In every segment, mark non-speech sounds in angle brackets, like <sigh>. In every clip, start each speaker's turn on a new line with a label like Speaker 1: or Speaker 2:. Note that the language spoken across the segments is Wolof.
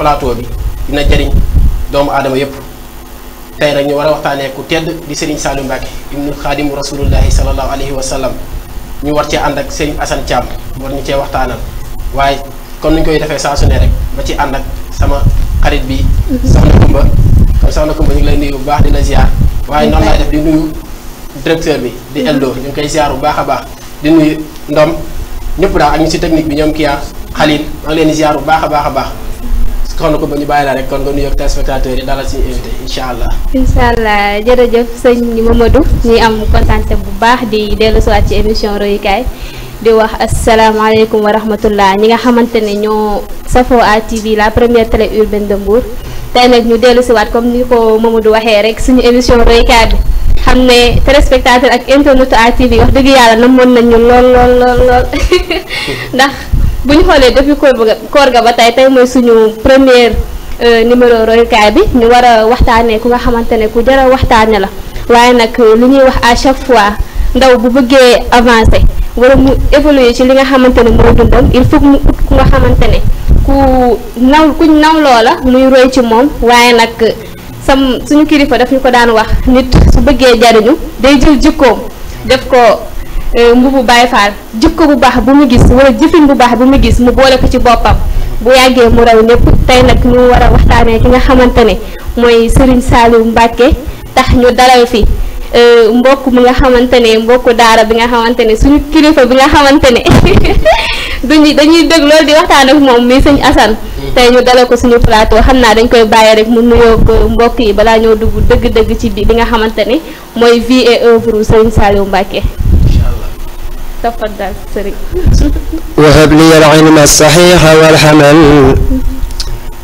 Speaker 1: plateau bi dina jariñ doomu adama yépp tay rek ñu wara waxtane ku tedd di serigne Saliou mbake ibnu khadim rasulullah sallallahu alaihi wasallam ñu war ci and ak serigne Assane Thiam war ñu ci waxtaanal waye comme ñu koy defé sa su ne rek ba ci and ak sama xarit bi soxna Kumba comme soxna Kumba ñu lay nuyu baax di lazia, ziar waye non lay def di nuyu directeur bi di Eldo ñu koy ziaru baaxa baax di nuyu ndom ñepp da ak ñu si technique bi ñom Kia Khalil ma ngi leen di baaxa baaxa baax kon ko bañu bayila rek kon nga nuyoog téléspectateurs yi dalal suñu invité inshallah
Speaker 2: inshallah incha allah jërëjëf ni Mamadou ni am contenté bu baax di dellu si ci émission roy kay di wax assalamu alaykum wa rahmatullah ñi nga xamante ne ñoo safoo à TV la première télé urbaine de Mbour tay nak ñu dellu si comme ni ko Mamadou waxé rek suñu émission roy kay bi. xamné ne téléspectateur ak internet a TV wax dëgg na namoon nañu lool lol lol lool <laughs> ndax. bu ñu xoolee depuis koor ga ba tey tey mooy suñu première euh, numéro royukaay bi ñu war a waxtaanee ku nga xamante ne ku jar a waxtaane la waaye nag euh, li ñuy wax à chaque fois ndaw bu bëggee avancer wala mu évoluer ci li nga xamante ne mooy dundam il faut mu ku nga xamante ne ku naw kuñ nawloo la muy roy ci moom waaye nag sam suñu kilifa daf ñu ko daan wax nit su bëggee jariñu day jël jikkoom def ko Euh, mbubu Baye Fall jikko bu baax bu mu gis wala jëfin bu baax bu mu gis mu boole ko ci boppam bu yàggee mu raw ñépp tey nag ñu war a waxtaanee ki nga xamante ne mooy Serigne Saliou Mbacke tax ñu dalal fi euh, mbokk mi nga xamante ne mbokku daara bi nga xamante ne suñu kilifa bi nga xamante ne <laughs> duñu dañuy dégg loolu di moom mii sëñ Assane tey ñu dalal ko suñu plateau xam naa dañ koy bàyyi rek mu ko mbokk yi balaa ñoo dugg dëgg-dëgg ci bi li nga xamante ne mooy vie et œuvre Serigne Saliou تفضل سري
Speaker 3: وهب لي العلم الصحيح والحمل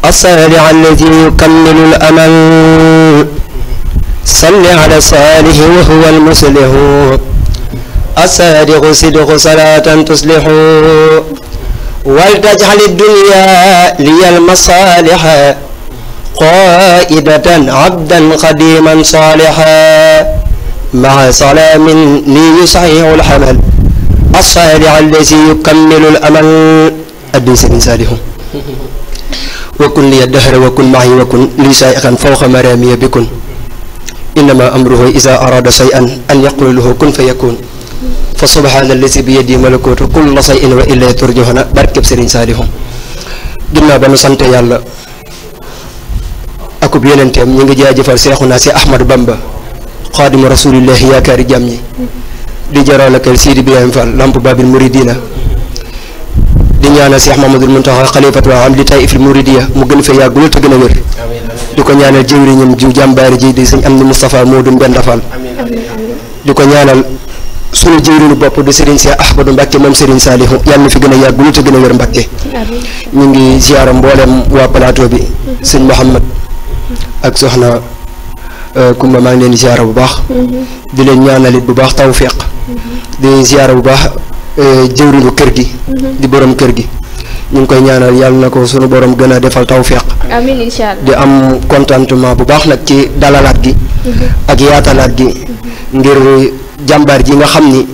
Speaker 3: الصالع الذي يكمل الأمل صل على صالح وهو المصلح الصادق صدق صلاة تصلح ولتجعل الدنيا لي المصالح قائدة عبدا قديما صالحا مع سلام لي يصحيح الحمل الصابع الذي يكمل الأمل أدني سنساله وكن لي الدهر وكن معي وكن لي سائقا فوق مرامي بكن إنما أمره إذا أراد شيئا أن يقول له كن فيكون فسبحان الذي بيده ملكوت كل شيء والا ترجعون بركب سرين سالهم جنا بن nu يالا اكو بيننتم yonenteem جاجي فال شيخنا سي احمد بامبا Ahmad رسول الله يا yaakaari جامي di jaral kër Sidi Ibrahima Fall lamp babil muridina di ñaanal Cheikh Mamadou Mountakha xalifatu am li tay ifil muridiya mu gën fee yàggul te gën a wér di ko ñaanal jëwriñam ju jàmbaari ji di sëñ am ni Moustapha Modou Mbenda Fall di ko ñaanal sunu jëwriñu bopp di Serigne Cheikh Ahmadou Mbacke moom Serigne Salihu yàlla na fi gën a yàggul te gën a wér Mbacke ñu ngi ziara mboolem waa plateau bi sëñ Mouhamad ak soxna Euh, Kumba maa ngi leen di ziara bu baax.
Speaker 4: Mm-hmm.
Speaker 3: di leen ñaanalit bu baax tawféq. Mm-hmm. di ziara bu baax euh, jëwriñu kër gi.
Speaker 2: Mm-hmm. di borom
Speaker 3: kër gi. ñu ngi koy ñaanal yàlla na ko sunu borom gën a defal tawféq.
Speaker 2: amiin incha
Speaker 3: di am contentement bu baax nag ci dalalaat gi. ak yaatalaat gi. ngir jàmbaar ji nga xam ni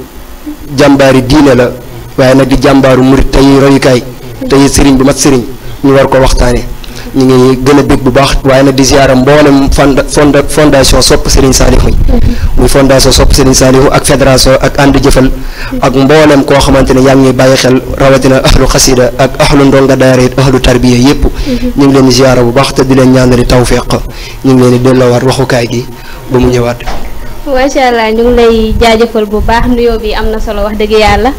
Speaker 3: jàmbaari diine la waaye nag di jàmbaaru murit tey royukaay. tey sëriñ bu mat sëriñ ñu war ko waxtaanee. ñu ngi gën a bu baax waaye nag di ziara mboolem fonda fondation sopp Serigne Saliou yi mhm. muy fondation sopp Serigne Saliou ak fédération ak ànd jëfal ak mboolem koo xamante ne yaa ngi ñuy bàyyi xel rawatina ahlu xasida ak ahlu ndonga daara it ahlu tarbiya yëpp mhm. ñu ngi leen di ziara bu baax te di leen ñaanali tawfeex ñu ngi leen di delloowaat waxukaay gi ba mu ñëwaat
Speaker 2: macha allah ñu ngi lay jaajëfal bu baax nuyoo bi am na solo wax dëgg yàlla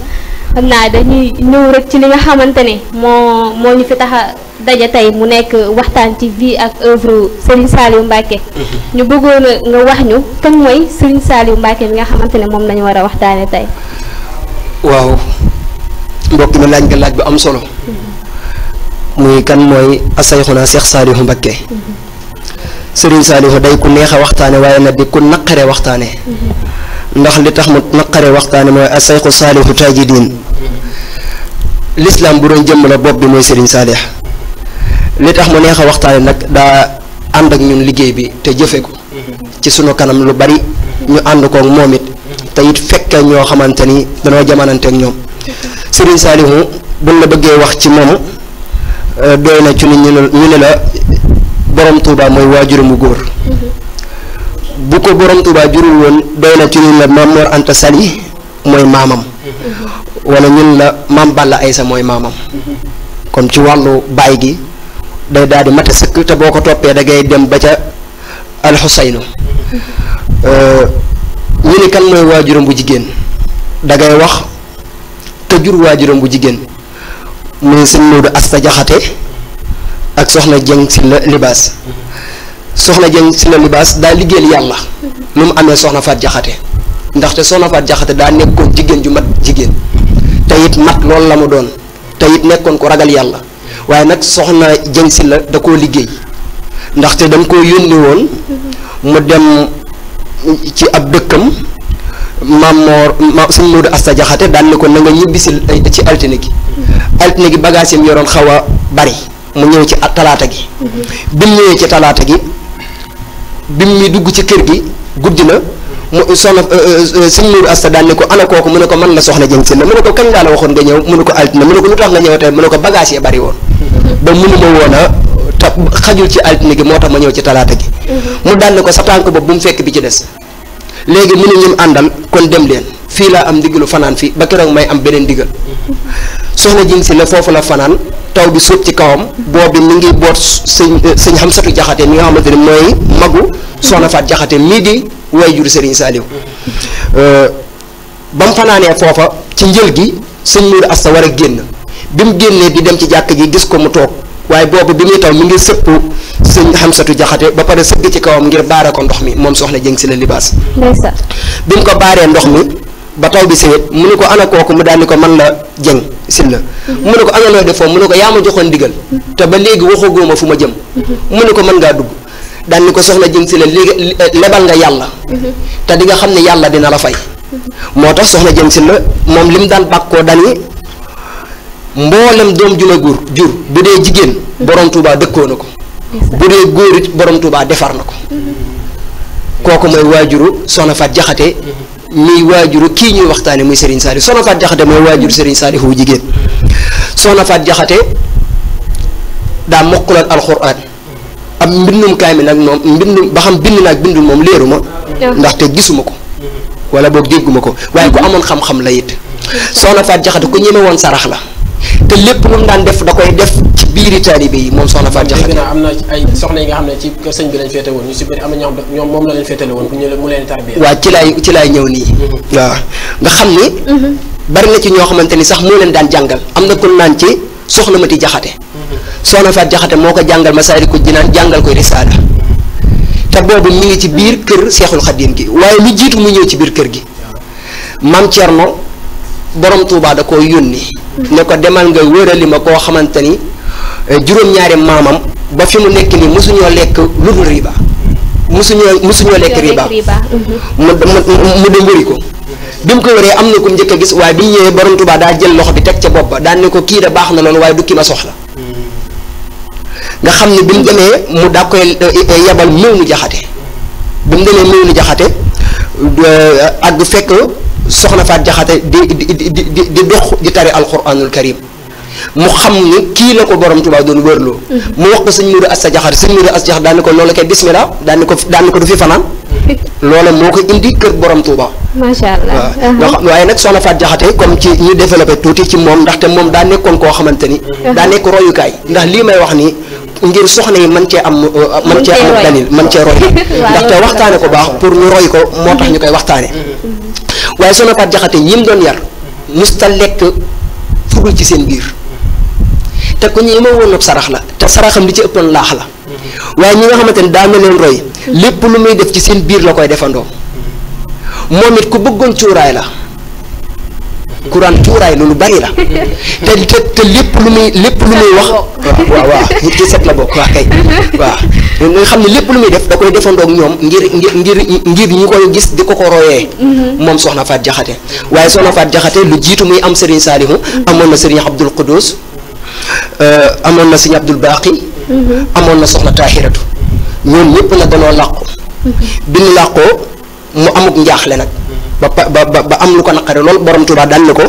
Speaker 2: xam naa dañuy ñëw rek ci li nga xamante ne moo moo ñu fi tax a daje tey mu nekk waxtaan ci vie ak œuvre Serigne yu mbàkke mhm. ñu bëggoon a nga wax ñu kan mooy Serigne Saliou Mbacké bi nga xamante ne moom lañu war a waxtaanee tey.
Speaker 3: waaw mbokk mi laaj nga laaj bu am solo.
Speaker 2: Mhm.
Speaker 3: muy kan mooy Asayxuna Seex Saliou Mbacké. Mhm. Serigne Saliou day ku neex a waxtaanee waaye nag di ku naqaree waxtaane ndax li tax mu naqare waxtaane mooy asayqu saalihu tajidin l'islam bu doon jëmm la bopp bi mooy sëriñ saalix li tax mu neex a waxtaane nag daa ànd ak ñun liggéey bi te jëfe ko ci sunu kanam lu bari ñu ànd koog moom it te it fekke ñoo xamante ni danoo jamanante ak ñoom sëriñ saalihu bu la bëggee wax ci moom euh, doy na ci ñu ne la borom tuuba mooy góor bu ko borom Tuubaa jurul woon doy ci ñun la maam Mor Anta Sali mooy maamam wala ñun la maam ay sa mooy maamam kon ci wàllu baay gi day daal di mate sëkk te boo ko toppee da ngay dem ba ca alxuseynu ñu ni kan mooy waajuram bu jigéen da wax te jur waajuram bu jigéen muy sëñ Moodu Asta Jaxate ak soxna Jeng si libaas soxna Dieng si la libaas daa liggéeyal yàlla mm-hmm. nu mu amee soxna Faat Jaxate ndaxte soxna Faat Jaxate daa nekkoon jigéen ju mat jigéen te mat loolu la mu doon te it nekkoon ko ragal yàlla waaye nag soxna Dieng si la da koo liggéey ndaxte dam koo yónni woon mm-hmm. mu dem ci ab dëkkam maam Moor ma suñ Moodu Asta Jaxate daan ne ko na nga ñibbi si ci altine gi
Speaker 4: mm-hmm.
Speaker 3: altine gi bagaas yi yoroon xaw a bari mu ñëw ci talaata gi bi mu ñëwee ci talaata gi bi mu dugg ci kër gi guddi na mu soxna euh, euh, euh, suñ nuuru asta daan ne ko ana kooku mu ne ko man la soxna jën si la mu ne ko kañ laa la waxoon nga ñëw mu ne ko altine mu ne ko lu tax nga ñëw tey mu ne ko bagage yi bari woon ba mënu ma woon xajul ci altine gi moo tax ma ñëw ci talaata gi mm-hmm. mu daan ne ko sa tànk boobu bu mu fekk bi ci des léegi mu ne ñun àndal kon dem leen fii laa am ndigalu fanaan fii ba keroog may am beneen ndigal mm-hmm. soxna jën la foofu la fanaan taw bi sëb ci kawam boobu mu ngi boot sëñ sëñ Xamsatu Jaxate mi nga xamante ne mooy magu soxna Faat Jaxate mii di waajuru Sëriñ Saaliw ba mu fanaanee foofa ci njël gi sëñ Muuru Asta war a génn bi mu génnee di dem ci jàkk ji gis ko mu toog waaye boobu bi muy taw mi ngi sëpp sëñ Xamsatu Jaxate ba pare sëgg ci kawam ngir baare ko ndox mi moom soxla Jëng si la libaas
Speaker 2: bi
Speaker 3: mu ko baaree ndox mi ba taw bi sëwét mu ne ko ana kooku mu daal ni ko man la jëng sil la mu ne ko ana loo defoon mu ne ko yaa ma joxoon ndigal te ba léegi waxagoo ma fu ma jëm mu ne ko mën ngaa dugg daal ni ko soxna jëng si la léegi lebal nga yàlla te di nga xam ne yàlla dina la fay moo tax soxna jëng si la moom li mu daan bàkkoo dani mboolem doom ju la góor jur bu dee jigéen borom tuubaa dëkkoo na ko bu dee góor it borom tuubaa defar na ko kooku mooy waajuru soxna fat jaxate miy waajuru kii ñuy waxtaane muy Serigne Saliou soxna Faat Jaxate mooy waajur Serigne Saliou wu jigéen soxna Faat Jaxate daa mokkaloon alxuraan am mbindum kaamil nag moom mbindum ba xam bind naag bindul moom leeru ma ndaxte gisuma ko wala boo dégguma ko waaye ko amoon xam-xam la it soxna Faat Jaxate ku ñeme woon sarax la te lépp lu daan def da koy def ci biiri taalibe yi moom soxna Fatou Diakhaté. dégg naa
Speaker 1: am na ay soxna yi nga xam ne ci kër sëñ bi lañ féete woon ñu si bëri moom la leen féetale woon ci laay ci laay ñëw nii. Mm-hmm. waaw nga xam ni. Mm-hmm.
Speaker 3: bari na ci ñoo xamante ni sax moo leen daan jàngal am na ku naan ci soxna Mati Diakhaté. Mm-hmm. soxna Fatou Diakhaté moo ko jàngal ma saa di Masaalikul Jinaan jàngal ko Risaala. te boobu mu ngi ci biir kër Seexul Xadiim gi waaye lu jiitu mu ñëw ci biir kër gi. maam Thierno borom Touba da ko yónni ne ko demal nga wërali ma koo xamante ni eh, juróom-ñaari maamam ba fi mu nekk nii ni mosuñoo lekk lu dul riba mosuñoo mosuñoo
Speaker 2: mu
Speaker 3: mu dem ko bi mu ko wëree am na ku njëkk a gis waaye bi ñëwee borom Touba daa jël loxo bi teg ca bopp ba daan ne ko kii da baax na loolu waaye du ma soxla nga xam ne bi mu demee mu daa koy eh, yebal méew nu jaxate bi mu demee méew nu jaxate eh, ak fekk soxna faat jaxate di di di di dox di tari alquranul karim mu xam ni kii la ko borom Tuubaa doon wërloo mhm. mu wax ko sëñ Mourou Assa Jaxate sëñ Mourou Assa Jaxate daan ko loolu kay bismillah daan ko daan ko du fi fanaan <laughs> loola moo ko indi kër borom Touba.
Speaker 2: macha allah waaw
Speaker 3: waaye nag soxna Faat Jaxate comme ci ñu développé tuuti ci moom ndaxte moom daa nekkoon koo xamante ni. daa nekk royukaay ndax lii may wax nii. ngir soxna yi man cee am. mën cee am dalil uh, mën cee roy. <laughs> ndaxte waxtaane ko baax pour ñu ko moo tax ñu koy waxtaane
Speaker 4: mhm.
Speaker 3: waaye soxna Faat Jaxate ñim doon yar musta lekk fugul ci seen biir te ku ñu ma woon ab sarax la te saraxam di ci ëppoon laax la waaye ñi nga xamante ne daan na leen roy lépp lu muy def ci seen biir la koy defandoo moom it ku bëggoon cuuraay la Quran cuuraay la lu bari la. <laughs> te te te lépp lu muy lépp lu muy wax. waaw waaw waaw ci set la bokk waaw kay. waaw nga xam ne lépp lu muy def da koy defandoog ñoom ngir ngir ngir ngir ñi koy gis di ko ko royee. Mm-hmm. moom soxna Faat Jaxate waaye soxna Faat Jaxate lu jiitu muy am Serigne Salihu. Mm-hmm. amoon na Serigne Abdul Quddus euh, amoon na Serigne Abdul Baqi. Mm-hmm. amoon na soxna Tahiratu ñoom ñëpp nag danoo làqu. bi ñu làqoo mu amuk njaaxle nag. ba ba ba am lu ko naqare loolu borom Tuubaa daan na ko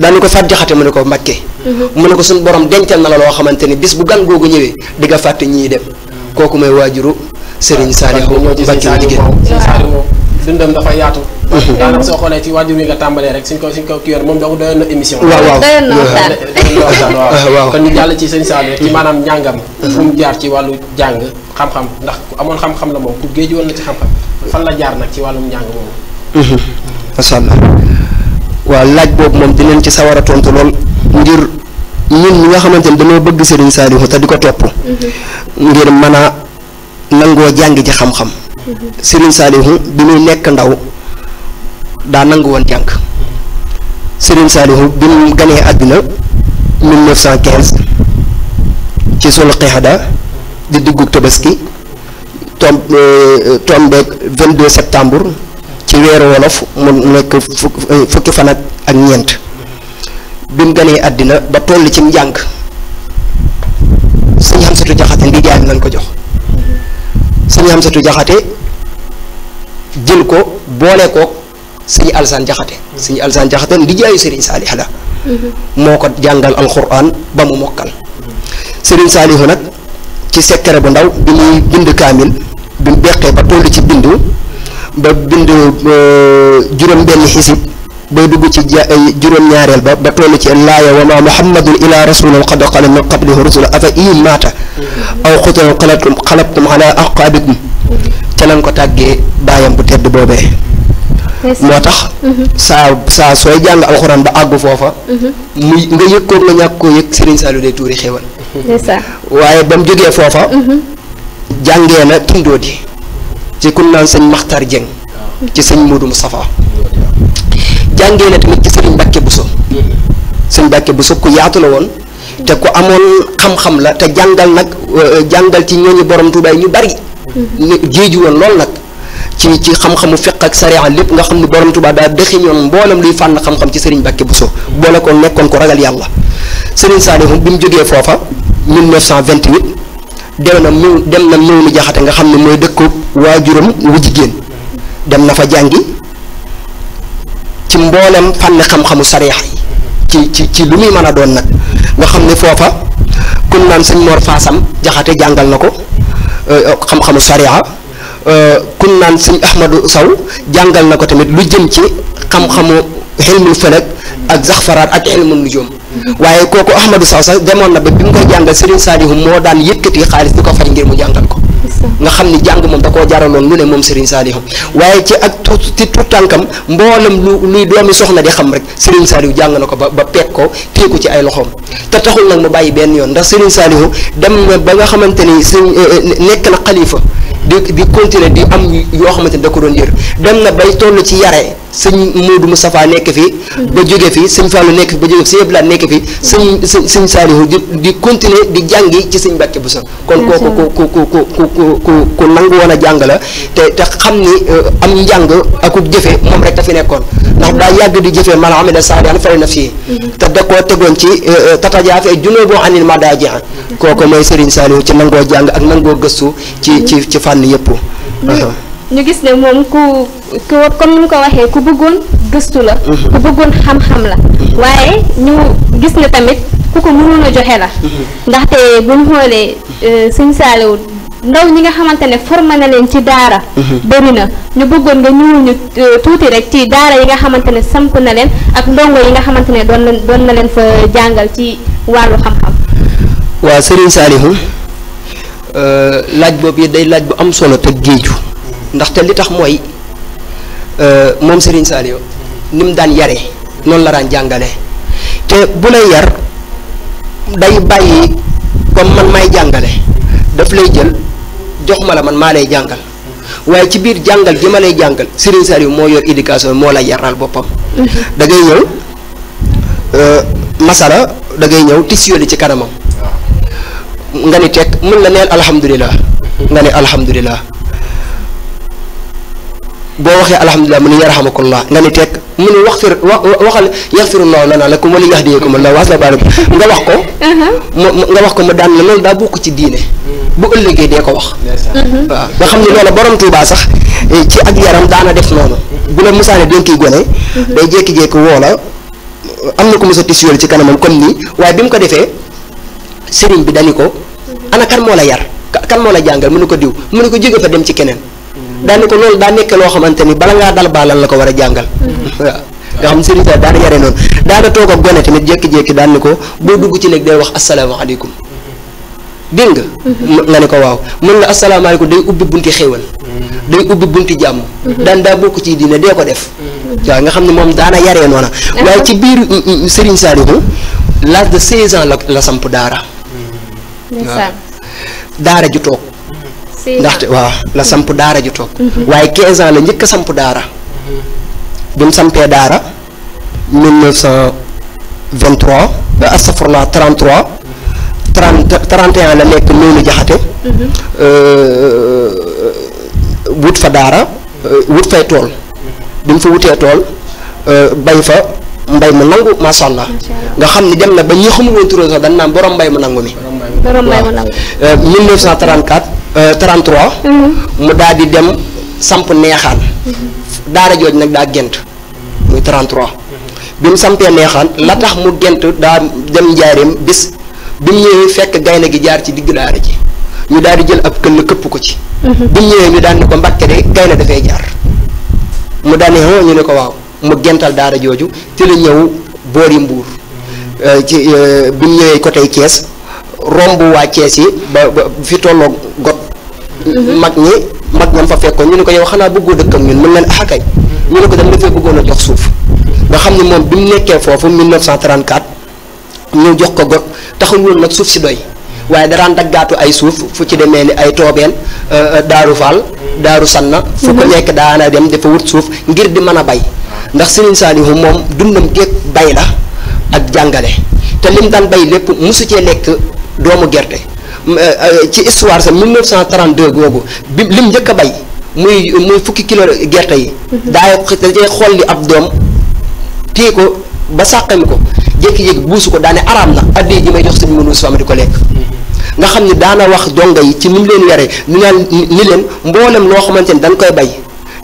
Speaker 3: daan na ko Faat Jaxate mu ne ko Mbàkke mhm. mu ne ko suñu borom dencal na la loo xamante ni bis bu gan googu ñëwee di nga fàtte ñii dem kooku mooy waajuru Serigne Saliou Mbàkke jigéen
Speaker 1: dundam dafa yaatu. Mhm. soo xoolee ci waajur yi nga tàmbalee rek suñ ko suñ ko moom donc doyoon na émission. waaw waaw doyoon na waxtaan <laughs> kon jàll ci sëñ Saliou ci maanaam njàngam. Mhm. fu mu jaar ci wàllu jàng xam-xam ndax ku amoon xam-xam la moom ku géej woon na ci xam-xam fan la jaar nag ci wàllum njàng moomu.
Speaker 3: macha allah waaw laaj boobu moom dinañ ci sawar a tontu lool ngir ñun ñi nga xamante ni bëgg Serigne Saliou te di ko topp ngir mën a nangoo jàng ci xam-xam Serigne Saliou bi muy nekk ndaw daa nangu woon jàng Serigne Saliou bi mu ganee àdduna 1915 ci sulu xeexada di dugg Tabaski tomb 22 euh, septembre ci weeru wolof mu nekk eh, fukki fan ak ñeent bi mu ganee àddina ba toll ci njàng sëñ Amsatu Jaxate ndi jaayam ko jox sëñ Amsatu Jaxate jël ko boole ko suñu Alsaan Jaxate suñu Alsaan Jaxate ndi jaayu sëriñ Saalix la
Speaker 4: mm-hmm.
Speaker 3: moo ko jàngal alxuraan ba mu mokkal sëriñ Saalixu nag ci sekkare bu ndaw bi muy bind kaamil bi mu beqee ba toll ci bindu ba bind euh, juróom-benn xisib bay dugg ci ja juróom-ñaareel ba ba toll ci laaya wa ma muhammadun ila rasulun qad xalat min qablihi rusula afa in maata aw qutila qalabtum qalabtum ala aqaabikum ca ko tàggee baayam bu tedd boobee
Speaker 4: moo tax mm-hmm.
Speaker 3: saa saa sooy jàng alxuraan ba àggu foofa mm-hmm. mu nga yëg ko nga ñàkk ko yëg Serigne Saliou day tuuri xéewal waaye ba mu jógee foofa mm-hmm. jàngee na tindóo di ci kun naan sëñ Maxtar Dieng ci sëñ Modou safa jàngee na tamit ci sëñ Mbàkke Bousso sëñ Mbàkke Bousso ku yaatu la woon te ku amoon xam-xam la te jàngal nag euh, jàngal ci ñooñu borom tuubaay ñu bari géeju woon lool nag ci ci xam-xamu fiq ak sariya lépp nga xam ni borom Tuubaa daa dëxiñoon mboolem luy fànn xam-xam ci sëriñ bàkke Buso boole ko nekkoon ko ragal yàlla sëriñ Saalihu bi mu jógee foofa 1928 dem na mu dem na mu jaxate nga xam ne mooy dëkku waajuram wu jigéen dem na fa jàngi ci mboolem fànn xam-xamu sariya ci ci ci lu muy mën a doon nag nga xam ne foofa kun naan sëñ Mor Faasam jaxate jàngal na ko euh, xam-xamu sariya euh, kun naan sëñ Ahmadou Saw jàngal na ko tamit lu jëm ci xam-xamu xilmul felek ak zaxfaraat ak xilmul nujoom waaye kooku Ahmadou Sow sax demoon na ba bi mu koy jàngal Serigne Saliou moo daan yëkkati xaalis di ko fay ngir mu jàngal ko. nga xam ni jàng moom da ko jaraloon lu ne moom Serigne Saliou waaye ci ak ci tuut tànkam mboolem lu luy doomi soxna di xam rek Serigne Saliou jàng na ko ba ba peeg ko téye ci ay loxoom te taxul nag mu bàyyi benn yoon ndax Serigne Saliou dem na ba nga xamante ni eh, eh, nekk na xalifa di di continuer di am yoo xamante ni da ko doon yër dem na bay toll ci yare sëñ Modou Moustapha nekk fi ba jóge fi sëñ Fallou nekk fi ba jóge fi nekk fi sëñ sëñ sëñ Saliou di di continuer di jàngi ci sëñ bu Busso kon kooku ku ku ku ku ku ku ku nangu a jàng la te te xam ni euh, am njàng akub jëfe moom rek dafi nekkoon ndax daa yàgg di jëfee man amila saalihan fali nafsihi mm-hmm. te da koo tegoon ci eh, eh, tatajaafa junuubuhum anil madaaji mm-hmm. kooku mooy Serigne Saliou ci nangoo jàng ak nangoo gëstu ci mm-hmm. ci ci fànn yëpp. Uh-huh.
Speaker 2: ñu gis ne moom ku ku comme mu ko waxee ku bëggoon gëstu la. ku bëggoon xam-xam la. waaye ñu gis ne tamit ku ko mënoon a joxe la. ndaxte bu ñu xoolee eh, Serigne Saliou ndaw ñi nga xamante ne formé na leen ci daara mhm. bëri na ñu bëggoon nga ñëwul ñu euh, tuuti rek ci daara yi nga xamante ne samp na leen ak ndongo yi nga xamante ne doon na doon na leen jàngal ci wàllu xam-xam
Speaker 3: euh, laaj boobu day laaj bu am solo te géeju ndaxte li tax mooy euh, moom Serigne Saliou ni daan yare noonu la daan jàngale te bu lay yar day bàyyi comme man may jàngale daf lay jël jox ma la man maa lay jàngal waaye ci biir jàngal gi ma lay jàngal Serigne Saliou moo yor éducation moo lay yaral boppam. Mhm. da ngay ñëw euh, masala da ngay ñëw tissu li ci kanamam. nga ni teg mën la neel alhamdulilah. Mhm. nga ni alhamdulilah. boo waxee alhamdulilah mu ne yarhamakallah nga ni tekk mu ne waxfir wa waxal yaxfirullahu lana lakum wala yahdiyakum allah waas la baarakum nga wax
Speaker 4: ko. Uh-huh.
Speaker 3: nga wax ko mu daan la loolu daa bokk ci diine. bu ëllëgee dee ko wax.
Speaker 4: waaw nga xam ne loola
Speaker 3: borom Tuubaa sax eh, ci ak yaram daana def noonu. bu la musaane dénkiy gone. Uh-huh. day jékki-jékki woo la am na ko mos a tissué ci kanamam comme nii waaye bi mu ko defee sëriñ bi dani ko.
Speaker 4: Uh-huh. ana kan moo la
Speaker 3: yar kan moo la jàngal mu ne ko diw mu ne ko jóge fa dem ci keneen. daane ko loolu daa nekk loo xamante ni bala ngaa dal baalal la ko war a jàngal
Speaker 4: mm-hmm. waaw
Speaker 3: nga xam sëriñ sa daana yare noonu daana toog ak daan ni ko boo dugg ci léegi day wax asalaamaaleykum mm-hmm. dégg nga mm-hmm. nga ne ko waaw mën nga asalaamaaleykum day ubbi bunti xéewal day ubbi jàmm daan daa bokk ci diine dee ko def nga xam ne moom daana yaree noona waaye ci biir mm, mm, Serigne Saliou l'âge de 16 ans la la samp daara waaw daara ju toog ndaxte waa la samp daara ji toog. Mhm. waaye 15 ans la njëkk samp daara. Mhm. bi mu sampee daara. 1923 astafurla 33. 30 31 la nekk noonu jaxate. Mhm.
Speaker 4: Euh,
Speaker 3: wut fa daara. Euh, wut fay tool. bi mu fa wutee tool euh, bay fa. mbay mu nangu macha allah nga xam ne dem na ba ñi xamul woon turam sax mbay mu nangu mi borom mbay mu nangu 33. Euh, mhm. mu daal di dem samp neexaan. daara jooj nag daa gént muy 33. bi mu sampee neexaan la tax mu gént daa dem njaareem bis bi mu fekk gaynde gi jaar ci digg daara ji ñu daal di jël ab këll këpp ko ci. Mhm. bi mu ñëwee ñu daan ko mbàkke gaynde dafay jaar mu daan ne ñu ne ko waaw mu gental daara jooju te la ñëw boori mbuur euh, ci euh, bi mu ñëwee côté Thiès romb waa Thiès yi ba ba fi tolloo got Mm-hmm. mag ñi mag ñam fa fekkoon ñu ne ko yow xanaa bëggoo dëkkam ak ñun mën leen axakay ñu ne ko dañ dafee bëggoon a jox suuf nga xam ne moom bi mu nekkee foofu 1934 ñu jox ko gox taxul nag suuf si doy waaye daraan daggaatu ay suuf fu ci demee ni ay toobeen euh, euh, daaru faal daaru sanna fu ko mm-hmm. nekk daana dem dafa wut suuf ngir di mën a bay ndax Serigne Saliou moom dundam géeg bay la ak jàngale te lim daan bay lépp mosu cee lekk doomu gerte Euh, euh, ci histoire sa 1932 googu bi lim njëkk a bay muy muy fukki kilo gerte yi. Mhm. daay da cee xool li ab doom téye ko ba sàqami ko jékki-jékki buusu ko daane araam na addi ji may jox sëñ Mourou Sow ma di ko lekk. Mhm. nga xam ne daana wax donga yi ci ni mu leen yare ñu naan ni leen mboolem loo xamante ni dañ koy bay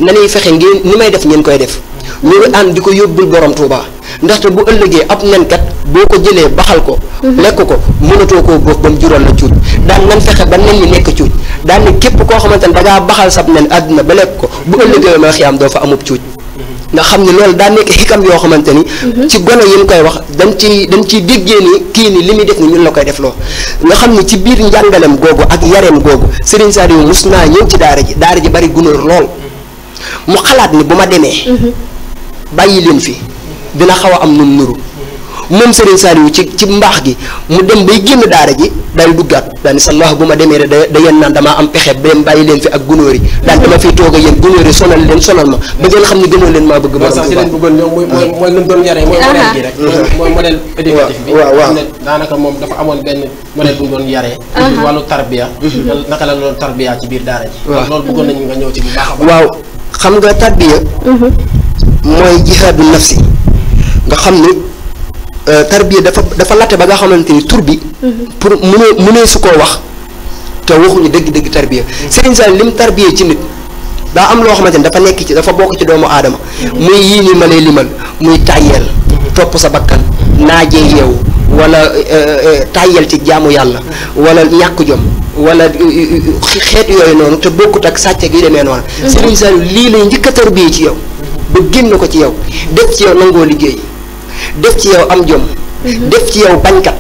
Speaker 3: nanuy fexe ngeen ni may def ngeen koy def. ñu mhm. ngi ànd di ko yóbbul borom Touba ndaxte bu ëllëgee ab nenkat boo ko jëlee baxal ko. Mhm. lekk ko mënatoo koo góof ba mu jural la cuuj daan nan fexe ba nen ñi nekk cuuj daan ne képp koo xamante ne da ngaa baxal sab nen àdduna ba lekk ko bu ëllëgee ma xiyaam doo fa amub cuuj. Mhm. nga xam ne lool daa nekk xikam yoo xamante ni. Mhm. ci gone yi koy wax dañ ci dañ ciy déggee kii ni li muy def ñun la koy def nga xam ne ci biir njàngalem googu ak yareem googu Serigne Saliou mus naa ñëw ci daara ji daara ji bari gunóor lool mu xalaat ni bu ma demee. bàyyi leen fii dina xaw am nu nuru. moom Serigne Saliou ci ci mbaax gi mu dem bay génn daara ji daal di duggaat daal di sànni wax bu ma demee da da yéen naan damaa am pexe ba dem bàyyi leen fi ak gunóor yi daal dama fiy toog ak yéen gunóor yi sonal leen sonal ma ba ngeen xam leen maa bëgg. borom bu baax sax si leen
Speaker 1: bëggoon ñoom daanaka moom dafa amoon benn modèle bu mu doon yaree. ci wàllu tarbiya. Mhm. naka la doon tarbiya ci biir daara ji. loolu bëggoon nañu nga a baax. waaw
Speaker 3: xam nga tarbiya. Mhm. mooy jihaadu nafsi nga xam ni Euh, tarbiya dafa dafa latte ba nga xamante ni tur bi. Mhm. pour mu mënee su ko wax te waxuñu dëgg-dëgg tarbiya. Mhm. Serigne Sall lim tarbiya ci nit daa am loo xamante ni dafa nekk ci dafa bokk ci doomu aadama. Mhm. muy yii nii ma lay limal muy tàyyeel. topp sa bakkan naajee yeewu wala euh, euh, tàyyeel ci jaamu yàlla. wala ñàkk jom wala xeet yooyu noonu te bokkut ak sàcc gi demee noonu. Serigne Sall lii lay njëkk a tarbiya ci yow. ba génn ko ci yow def ci yow nangoo liggéey. def ci yow am jom mhm. def ci yow bañkat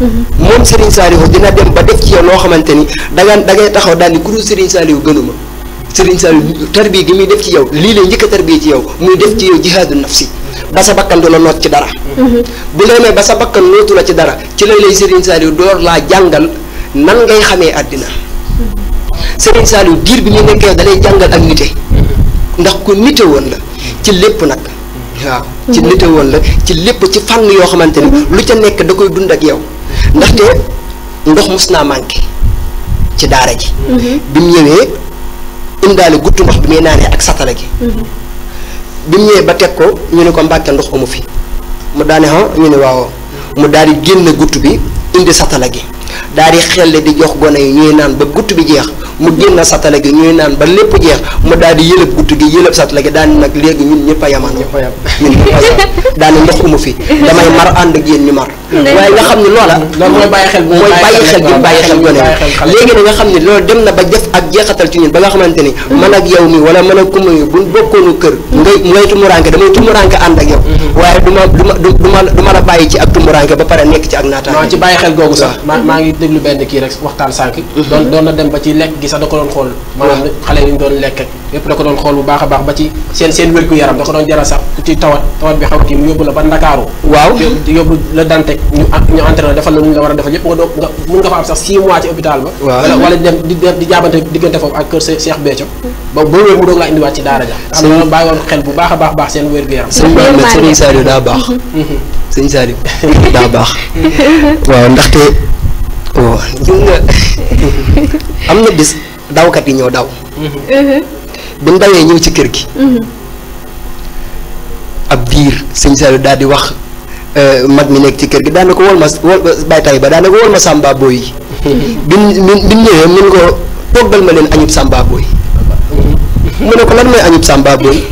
Speaker 3: mhm. moom Serigne Saliou dina dem ba def ci yow loo xamante ni danga dangay taxaw daal di kuru Serigne Saliou gënuma Serigne Saliou tarbiya gi muy def ci yow lii la njëkk a tarbiya ci yow muy def ci yow jihaadu nafsi ba sa bakkan du la noot ci dara mhm. bu demee ba sa bakkan nootu la ci dara ci lay lay Serigne Saliou door laa jàngal nan ngay xamee àddina Serigne Saliou diir bi ñu nekkee dalay jàngal ak nite ndax ku nite woon la ci lépp nag waaw ci météo la ci lépp ci fànn yoo xamante ni lu ca nekk da koy dund ak yow ndaxte ndox mus naa manqué ci daara ji mm-hmm. bi mu ñëwee indaale guttu ndox bi muy naanee ak satala gi mm-hmm. bi mu ñëwee ba teg ko ñu ne ko mbàkke ndox amu fi mu daane ha ñu ne waawoo mu daal di génn gutt bi indi satala gi daal di xel di jox gone yi ñuy naan ba gutt bi jeex mu génn satala gi ñuy naan ba lépp jeex mu daal di yëlëb gutt gi yëlëb satala gi daal nag léegi ñun ñëpp a yaman ñun
Speaker 1: ñëpp a yaman
Speaker 3: daal di ndox umu fi <laughs> damay mar ànd ak yéen ñu mar waaye nga xam ne loola mooy bàyyi xel mooy bàyyi xel bi bàyyi xel gone léegi xam ne loolu dem na ba ak jeexatal ci ñun ba nga xamante ni mm-hmm. man ak yow mi wala man ak kumba mi buñ bokkoonu kër mm-hmm. ngay ngay tumuranke damay tumuranke ànd ak mm-hmm. waaye du ma du ma du ma du ma la bàyyi ci ak tumuranke ba pare nekk ci ak naataange non ci bàyyi xel googu sax
Speaker 1: maa ngi déglu benn kii rek waxtaan sànq doon doon na gi sax da ko doon xool maanaam xale yi ñu doon lekk yépp da ko doon xool bu baax a baax ba ci seen seen wér-gu-yaram da ko doon jaral sax ci tawat tawat bi xaw a yóbbu la ba Ndakaaru waaw yóbbu la Dantec ñu ñu entraîné defal la lu ñu la war a defal nga doog ba wala wala dem di dem di ba ba wér mu doog laa indiwaat ci daara ja xam nga bàyyi woon baax a seen wér gu daa baax
Speaker 3: <laughs> <laughs> <laughs> waaw ndaxte bon gis nga <laughs> am na bis dawkat yi ñoo daw.
Speaker 4: Mm-hmm.
Speaker 3: bu ñu dawee ñëw ci kër gi. Mm-hmm. ab diir sëñ Saliou daal di wax euh, mag mi nekk ci kër gi daana ko wol ma wol baytaay ba daana ko wol ma Samba Boy mm-hmm. bi mu bi mu ñëwee mun ko toggal ma leen añub Samba Boy. mu ne ko lan mooy añub Samba Boy.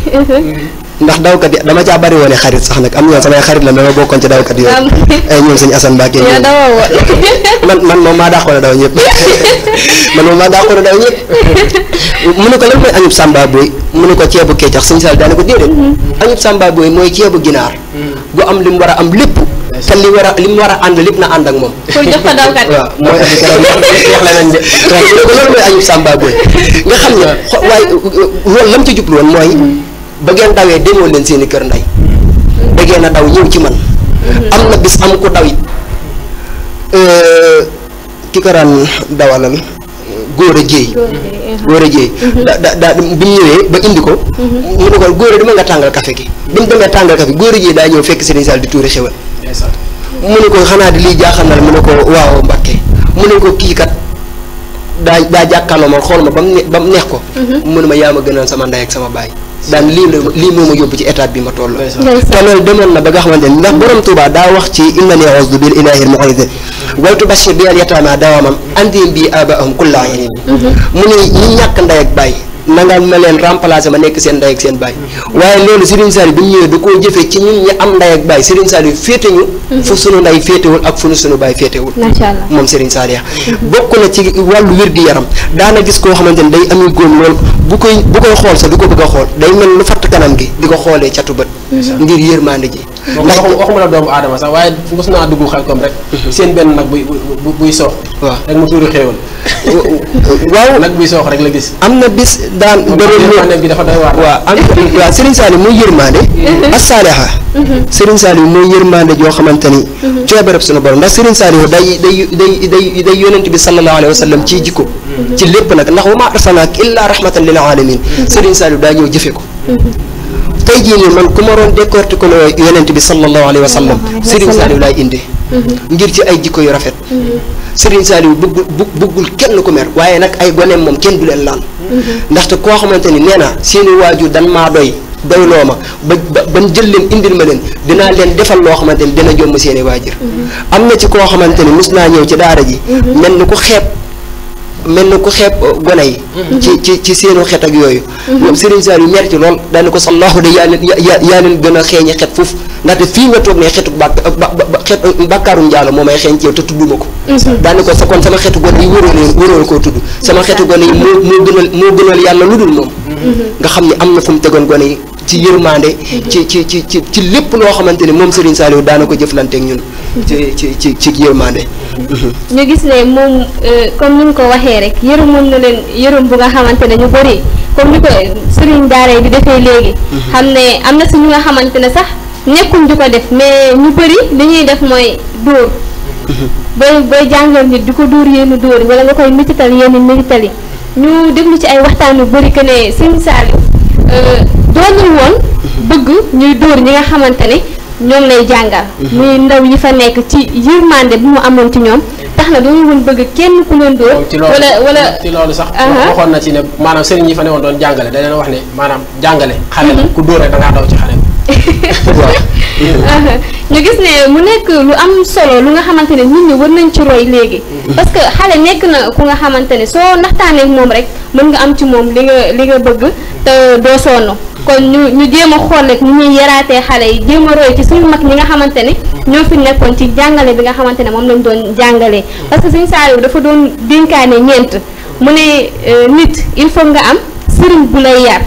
Speaker 3: ndax dawkat yi dama caa bari woon xarit sax nag am na samay xarit la dama bokkoon ci dawkat yooyu. ay ñoom sëñ Assane Mbacke
Speaker 4: <laughs>
Speaker 3: man man moom maa dàqoon a daw ñëpp <laughs> man a daw mu ne ko lan mooy añub mu ne ko ceebu kecax sëñ Sall daane ko déedéet mm-hmm. añub mooy ceebu ginaar mm. gu am li mu war a am lépp te li war li mu war a ànd lépp na ànd ak moom. pour jox ko dawkat <laughs> waaw mooy loolu mooy añub sàmba nga xam ne waaye uh, uh, loolu lam ci jublu mooy mm. ba ngeen dawee demoo leen seeni kër nday da ngeen daw ñëw ci man am na bis am ku daw it euh, ko daan dawalal góor a jéey góor a jéey da da da ñëwee ba indi ko
Speaker 4: mm-hmm.
Speaker 3: mu ne ko góor a dama nga tàngal café gi bi mu demee tàngal café góor a jéey daa ñëw fekk Serigne Sall di tuure xewal mu ne ko xanaa di liy jaaxal na la mu ne ko waaw Mbàkke mu ne ko kii kat daa daa jàkkaanoo ma xool ma ba mu neex ko mm-hmm. mu ne ma yaa ma gënal sama ndey ak sama baay daan lii la lii moo ma yóbbu ci étape bi ma toll. te loolu demoon na ba nga xamante ni ndax borom Touba daa wax ci inna ni a'udhu bil ilahi mu'izin waytu bashir bi al yataama dawaamam andim bi abaahum kulla yanin mm-hmm. mu ni ñi ñàkk ndey ak bàyyi na nga ma leen remplacer ma nekk seen ndey ak seen baay. waaye loolu seriñ Saliou bi mu ñëwee da koo jëfee ci ñun ñi am ndey ak baay Serigne Saliou féete ñu. Mhm. fu sunu ndey féetewul ak fu sunu baay féetewul.
Speaker 2: macha allah moom
Speaker 3: Serigne Saliou mhm. bokk na ci wàllu wér-gu-yaram daana gis koo xamante ni day ami góom lool bu koy bu koy xool
Speaker 1: sa du ko bëgg a xool day mel lu fatt kanam gi di ko xoolee catu bët. ngir yërmande ji. ndax waxuma la doomu aadama sax waaye mos naa dugg xel comme rek. Mhm. seen benn nag buy buy buy soox. <laughs> waaw nag buy soox rek la gis. am na bis daan. doon bi dafa doy waar. waaw am waaw Serigne Saliou mooy yërmande. Mhm. as-saaliha. Mhm. Serigne Saliou
Speaker 3: mooy yërmande joo xamante ni. coobarab suñu borom ndax Serigne Saliou day day day day day yonent bi sallallahu alayhi wa sallam ci jikko. ci lépp nag ndax wa ma arsalnaaka illaa rahmatan lil aalamiin. Serigne Saliou daa ñëw jëfe ko. tey jii nii man ku ma doon décortiquer loo yonent bi sallallahu alayhi wa sallam Serigne Saliou laay indi. Mhm. ngir ci ay jikko yu rafet. Mhm. Serigne Saliou bëggul bëggul kenn ku mer waaye nag ay gone moom kenn du leen laal. Mhm. ndaxte koo xamante ni nee na seeni waajur dan maa doy doyloo ma ba ba jël leen indil ma leen dinaa leen defal loo xamante ni dina jomm seeni waajur. am na ci koo xamante ni mus naa ñëw ci daara ji. mel ni ko xeeb. mel na ku xeeb gone yi. Mm-hmm. ci ci ci seenu xet ak yooyu. Mm-hmm. ñoom Serigne Saliou mer ci lool daani ko sax laaxu de yaa leen yaa yaa leen gën a xeeñi xet foofu ndaxte fii nga toog ne xetu bàkk ba xet bàkkaaru njaalo moo may xeeñ ci yow te tudduma ko. Mm-hmm. daani ko kon sama xetu gone yi wëroo leen sama xetu gone yi moo moo gënal yàlla lu dul moom. nga xam ne am na fa mu tegoon gone yi. ci yërmande ci ci ci ci ci lépp loo xamante ni moom Serigne Saliou daana ko jëflante ak ñun ci ci ci ci yërmande
Speaker 2: ñu gis ne moom euh, comme ni ñu ko waxee rek yërëmoon na leen yërëm bu nga xamante ne ñu bëri comme ni ko Serigne daara bi defee léegi xam ne am na si ñu nga xamante ne sax nekkuñ di ko def mais ñu bëri li ñuy def mooy dóor booy booy jàngal nit di ko dóor yenn dóor yi wala nga koy métital yenn métital yi ñu déglu ci ay waxtaan yu bëri ko ne Serigne Euh, doonul woon bëgg ñuy dóor ñi nga xamante ne ñoom lay jàngal mhm. muy ndaw yi fa nekk ci yërmande bi mu amoon ci ñoom tax na doonul woon bëgg kenn ku leen dóor wala wala
Speaker 1: ci loolu sax waxoon na ci ne maanaam sëriñ yi fa ne woon doon jàngale da leen wax ne maanaam jàngale xale la mhm. ku dóor rek da ngaa daw ci xale
Speaker 2: ñu gis ne mu nekk lu am solo lu nga xamante ne nit ñi war nañ ci roy léegi. parce que xale nekk na ku nga xamante ne soo naxtaanee moom rek mën nga am ci moom li nga li nga bëgg te doo sonn. kon ñu ñu jéem a xool rek ñu ñuy yaraatee xale yi jéem a roy ci suñu mag ñi nga xamante ne ñoo fi nekkoon ci jàngale bi nga xamante ne moom lañ doon jàngalee. parce que suñu saaliw dafa doon dénkaane ñeent mu ne euh, nit il faut nga am sëriñ bu lay yar.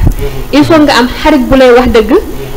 Speaker 2: il faut nga am xarit bu lay wax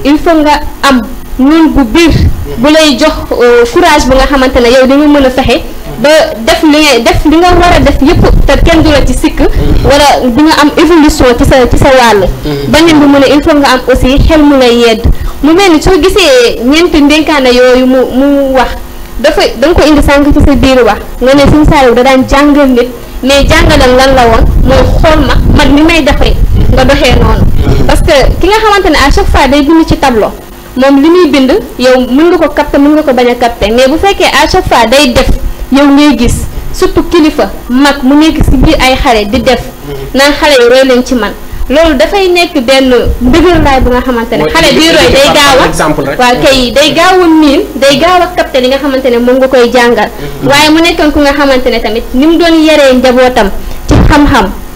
Speaker 2: il faut nga am ñun bu biir bu lay jox euh, courage bu nga xamante ne yow di nga mën a fexe ba def li ngay def li nga war a def yëpp te kenn du la ci sikk wala di nga am évolution ci sa ci sa wàll mm-hmm. beneen bi mu ne il faut nga am aussi xel mu lay yedd mu mel ni soo gisee ñeenti ndénkaane yooyu mu mu wax dafa da ko indi sànq ci sa biir wax nga ne suñu saaliw da daan jàngal nit mais jàngalal lan la woon mooy xool ma man ni may defee nga doxee noonu mm-hmm. parce que ki nga xamante ne à chaque fois day bind ci tableau moom li muy bind yow mu nga ko capter mën nga ko bañ a capter mais bu fekkee à chaque fois day def yow ngay gis surtout kilifa mag mu nekk ci biir ay xale di def mm-hmm. naan xale yi roy leen ci man loolu dafay nekk benn ndëgërlaay bu nga xamante ne xale bii roy day gaaw a waaw kay mm-hmm. day gaaw a miin day gaaw a capter li nga xamante ne moom nga koy jàngal waaye mu nekkoon ku nga xamante ne tamit ni mu doon yaree njabootam ci xam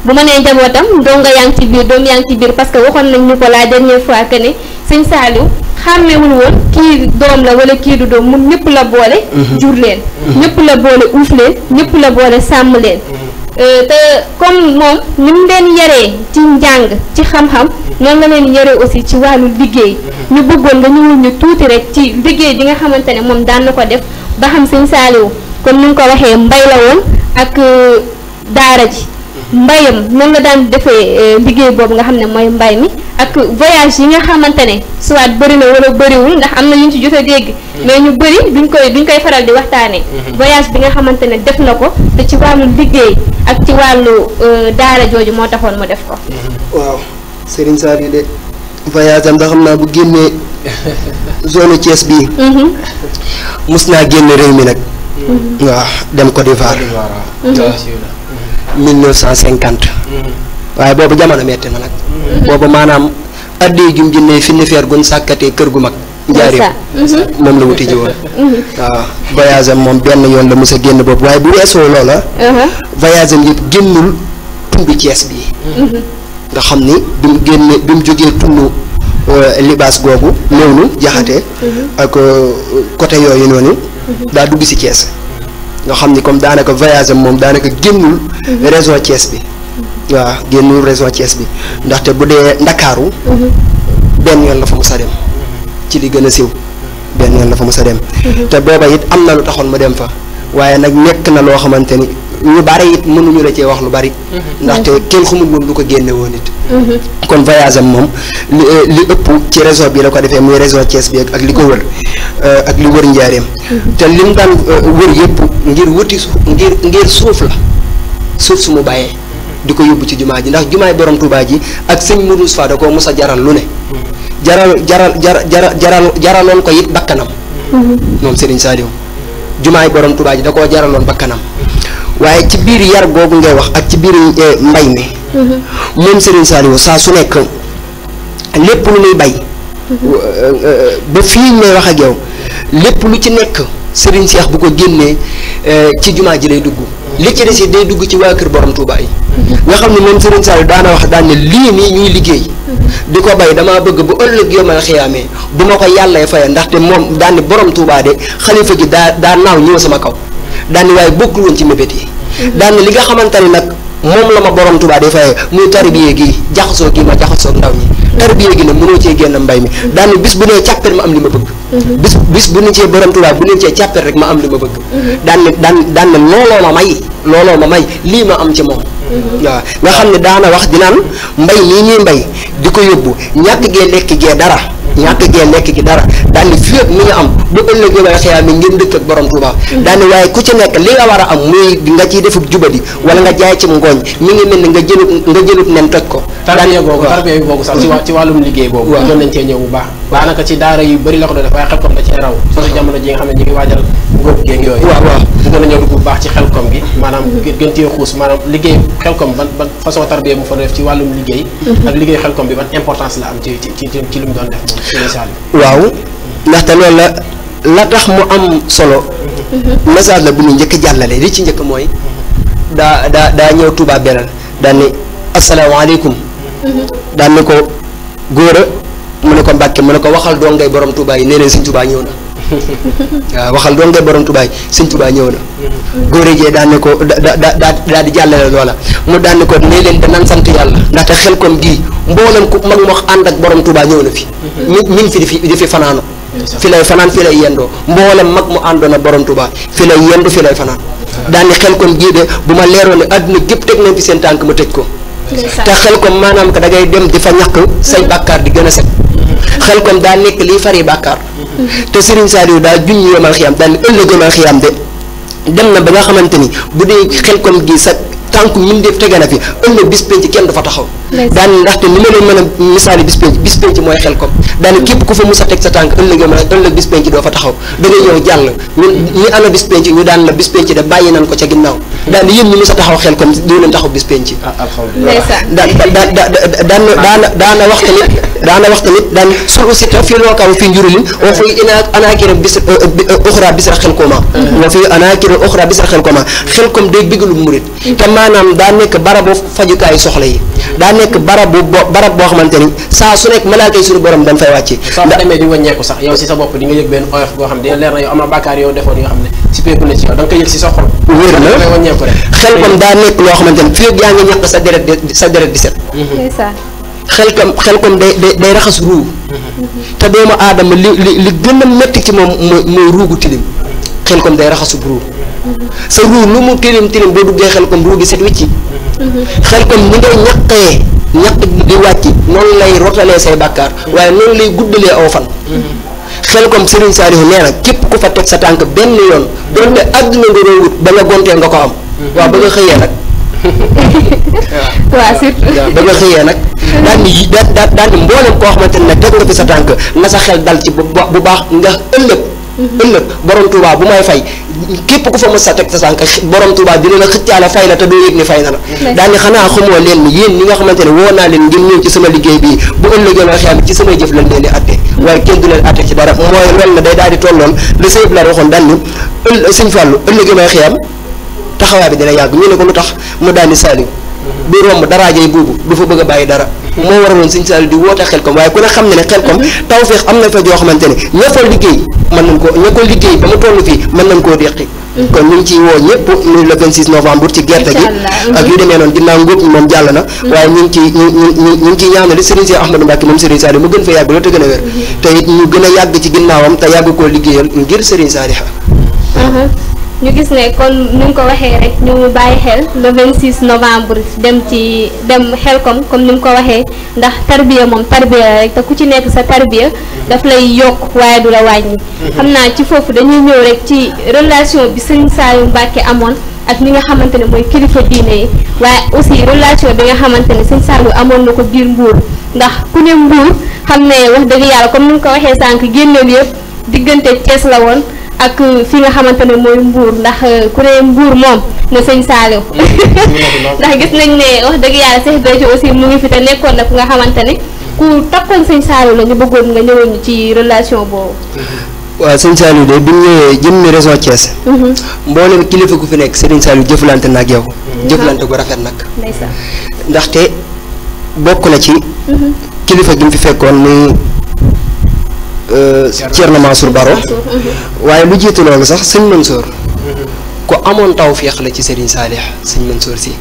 Speaker 2: bu ma nee njabootam donga yaa ngi ci biir doom yaa ci biir parce que waxoon nañ ñu ko la dernière fois que ne sëñ Saliou xàmmewul woon kii doom la wala kii du doom mun ñëpp la boole mhm. jur leen mhm. ñëpp la boole uuf leen ñëpp la boole sàmm leen mhm. euh, te comme moom ni mu leen yaree ci njàng ci xam-xam noonu la leen yaree aussi ci wàllu liggéey ñu bëggoon nga ñëwul ñu tuuti rek ci liggéey bi nga xamante ne moom daan na ko def ba xam sëñ Saliou comme ni nga ko waxee mbay la woon ak euh, daara mbayam noonu la daan defee euh, liggéey boobu nga xam ne mooy mbay mi ak voyage yi nga xamante ne soit bëri na wala bëriwul ndax am na ñu ci jot a dégg mais ñu bëri duñ koy duñ koy faral di waxtaanee. Mm-hmm. voyage bi nga xamante ne def na ko te ci wàllu liggéey ak ci wàllu euh, daara jooju moo taxoon mu def ko. Mm-hmm.
Speaker 3: waaw Serigne Saliou de voyage am da xam naa bu génnee <laughs> zone Thiès bi
Speaker 2: mus
Speaker 4: mm-hmm.
Speaker 3: naa génn réew mi nag. waaw dem Côte 1950. waaye boobu jamono metti na nag. boobu maanaam addee jum jinne fi gun sàkkatee kër gu mag. njaareem
Speaker 4: moom la wuti ji woon. Mhm. Mhm.
Speaker 3: waaw voyage moom benn yoon la mos a génn boobu waaye bu weesoo loola. Uh-huh. voyage am yëpp génnul tund Cees bi. Mhm. nga xam ni bi mu génne bi mu jógee tund euh, libaas googu néew nu jaxate ak euh, côté yooyu noonu. daa dugg si Cees. nga xam ni comme daanaka voyage am moom daanaka génnul mhm. région Thiès bi waaw génnul région Thiès bi ndaxte bu dee ndakaaru mhm. benn yoon la fa mos a dem ci li gën a siiw benn yoon la fa mos a dem mhm. te booba it am na lu taxoon ma dem fa waaye nag nekk na loo xamante ni ñu bari it mënuñu la cee wax lu bari. Mhm. ndaxte kenn xamul woon lu ko génnewoon woon it. Mhm. kon voyage moom eh, li ëpp ci réseau bi la ko defee muy réseau Thiès bi ak li ko wër eh, ak li wër njaareem. Mhm. te lim daan eh, wër yëpp ngir wuti suuf ngir suuf la suuf su mu bàyyee. di ko yóbbu ci jumaa ji ndax jumaay borom Touba ji ak sëñ Mourou Moussa da koo mos a jaral lu ne. jaral jaral jaral jaral jaraloon ko it bakkanam. moom Serigne Saliou jumaay borom Touba ji da koo jaraloon bakkanam. waaye ci biir yar googu ngay wax ak ci biir eh, mbay mi mm-hmm. moom Serigne Saliou saa su nekk lépp lu muy bay mm-hmm. eh, eh, ba fii may wax ak yow lépp lu ci nekk sëriñ Cheikh bu ko génnee ci jumaa ji lay dugg li ci des day dugg ci waa kër borom tuubaay yi mm-hmm. nga xam ne moom Serigne Saliou daana wax daan ne lii nii ñuy liggéey di ko bay damaa bëgg bu ëllëg yomal xiyaamee bu ma ko yàllay faya ndaxte moom daan ne borom Touba de xalifa gi daa daa naaw ñëw sama kaw daan ne waaye bokkul ci mébét yi daan li nga xamante ni nag moom la ma borom Tuubaa di fayee muy tarbiye gi jaxasoo gi ma jaxasoo ndaw ñi tarbiye gi nag mënoo cee génn mbay mi daan bis bu ne càppet ma am li ma bëgg. bis bis bu ñu cee borom tubaab bu ñu cee càppet rek ma am li ma bëgg.
Speaker 4: Mhm. daan
Speaker 3: na daan daan na looloo ma may looloo ma may lii ma am ci moom. Mhm. waaw nga xam ne daana wax di naan mbay nii ñuy mbay di ko yóbbu ñàkk gee lekk gee dara. ñàkk gee lekk gi dara daan ni fii ak mi nga am bu ëllëgee wala xëyaa ku ci nekk li nga war a am muy nga ciy
Speaker 1: jaay ci ngooñ mi ngi mel ni nga jëlut nen toj ko tarbiya boobu tarbiya boobu sax ci wàllum liggéey boobu doon nañ cee ñëw bu baax daanaka ci daara yu bëri la ko waaye xel koom da cee raw surtout jamono ji nga xam ne ñu ngi waajal ngóob géeg yooyu waaw waaw bëggoon nañoo dugg bu baax ci xel koom gi maanaam mm-hmm. gën cee xuus maanaam liggéey xel koom ban ban façon tarbiyee mu fa
Speaker 3: def ñëw Touba Belal daan ni asalaamaaleykum mm-hmm. daan ko góor a mu ne ko Mbàkke mu ne ko waxal doo ngay borom Touba yi nee leen sëñ Touba ñëw na
Speaker 4: <laughs>
Speaker 3: waaw waxal doo ngay borom Touba yi ñëw na. góore jee daan ne ko da da daa di jàllale loola mu daan ko nee leen danañ sant yàlla ndaxte xel kom gii mboolem ku mag wax ànd ak borom Touba ñëw na fi. Mhm. mi mi fi di fi fanaano fi lay fanaan fi lay yendoo mboolem mag mu àndoon ak borom Touba fi lay yendu fi lay fanaan. daani xel kom gii de bu ma leeroon ne àdduna gépp teg nañ fi seen tànk ma tëj ko.
Speaker 4: te xel
Speaker 3: kom maanaam da ngay dem di fa ñàkk say bàkkaar di gën a set. خلكم داني كلي فري بكر تسرين ساري ودا جوني يوم الخيام داني كل يوم الخيام ده دمنا بنا خمنتني بدي خلكم جيسك tànk mbindeef tege na fi ëllëg bis kenn du fa taxaw
Speaker 2: daani ndaxte ni ma leen
Speaker 3: mën a misaali bis penc bis penc mooy xel kom daani képp ku fa mus a teg sa tànk ëllëg yoo mën a ëllëg bis penc da ngay bis de bàyyi nañ ko ca ginnaaw daan yéen ñi a taxaw xel kom doo leen taxaw bis penc ah, daa daan daana daana wax tamit daana wax tamit daan sul aussi ta fii lookaam fii njurulin woo bis oxra uh, uh, uh, xel kooma mm-hmm. xel kooma xel kom day bëggalub murit mm-hmm. maanaam daa nekk barabu fajukaayu soxla yi daa nekk barabu bo barab boo xamante ni
Speaker 1: saa su nekk malaaka yi suñu borom dañ sa bopp di nga da nga koy yëg si sa xol. wér na xel comme daa nekk loo xamante ni fii yaa ngi ñaq sa deret di sa deret di set. Mhm. xel comme
Speaker 3: xel comme day day day raxas ruu. Mhm. te doomu aadama li li li gën a métti ci moom mooy mooy ruugu tilim xel comme day raxasu ruu sa ruur lu mu tilim tilim boo duggee xel kom ruur gi set wicci xel kom ni ngay ñaqee ñaq di wàcc noonu lay rotalee say bàkkaar waaye noonu lay guddalee aw fan xel kom sa Saliou nee na képp ku fa teg sa tànk benn yoon doonte àdduna nga doon ba nga gontee nga ko am waaw ba nga xëyee nag <laughs> waaw surtout ba xëyee nag daan di daan daan di mboolem koo xamante ne teg nga fi sa tànk na sa xel dal ci bu baax nga ëllëg ëllëg borom Touba bu may fay képp ku fa mos a teg sa sànq borom Touba dina la xëccaale fay la te doo yëg ni fay na la.
Speaker 4: daani xanaa xamoo
Speaker 3: leen ni yéen ñi nga xamante ne woo naa leen ngeen ñëw ci sama liggéey bii bu ëllëgee loo xam ci samay jëf lañ leen atte waaye kenn du leen atte ci dara mooy loolu la day daal di tolloon le sëñ bi la waxoon daan ni ëll sëñ Fallou ëllëgee loo xam taxawaay bi dina yàgg ñu ne ko lu tax mu daal di Saliou du romb daraajay boobu du fa bëgg a bàyyi dara moo waraloon Sëñ Saliou di woote Xelkom waaye ku ne xam ne ne Xelkom tawféex am na fa joo xamante ne liggéey mën nañ ko ña ko liggéey ba mu toll fii mën nañ koo deqi mm-hmm. kon ñu ngi ciy woo ñëpp ñu le 26 novembre ci gerte gi
Speaker 4: mm-hmm. ak yu
Speaker 3: demee noonu ginnaaw ngóob moom jàll na mm-hmm. waaye ñu ngi ciy ñu ñu ñu ngi ciy ñaanale Serigne Cheikh Ahmadou Mbacke moom Serigne Saliou mu gën fa yàgg loolu te gën a wér te it ñu gën a yàgg ci ginnaawam te yàgg koo liggéeyal ngir Serigne
Speaker 2: Saliou ñu gis ne kon nu nga ko waxee rek ñu bàyyi xel le 26 novembre dem ci dem xel comme ni nga ko waxee ndax tarbiya moom tarbiya la rek te ku ci nekk sa tarbiya daf lay yokk waaye du la wàññi. Mhm. xam naa ci foofu dañuy ñëw rek ci relation bi Serigne Saliou Mbacké amoon ak ñi nga xamante ne mooy kilifa diine yi waaye aussi relation bi nga xamante ne Serigne Saliou amoon na ko biir Mbuur ndax ku ne Mbuur xam ne wax dëgg yàlla comme ni nga ko waxee sànq génneel yëpp diggante Thiès la woon. ak fi nga xamante ne mooy mbuur ndax euh, ku ne mbuur moom na sëñ Saliou mm. <laughs> ndax gis nañ ne wax dëgg yàlla Cheikh Béthio aussi mu ngi fi te nekkoon nag ku nga xamante ne ku takkoon sëñ Saliou la bëggoon nga ñëwoon ñu ci relation boobu
Speaker 3: mm-hmm. waaw sëñ Saliou de bi ñu ñëwee jëm ni région Thiès mm-hmm. mboolem kilifa ku fi nekk sëriñ Saliou jëflante na ak mm-hmm. jëflante gu rafet nag ndaxte bokk na ci kilifa gi mu fi fekkoon muy Euh, Thierno Mansour Baro waaye lu jiitu loolu sax sëñ Mansour ku amoon tawféex la ci Serigne Saliou sëñ Mansour si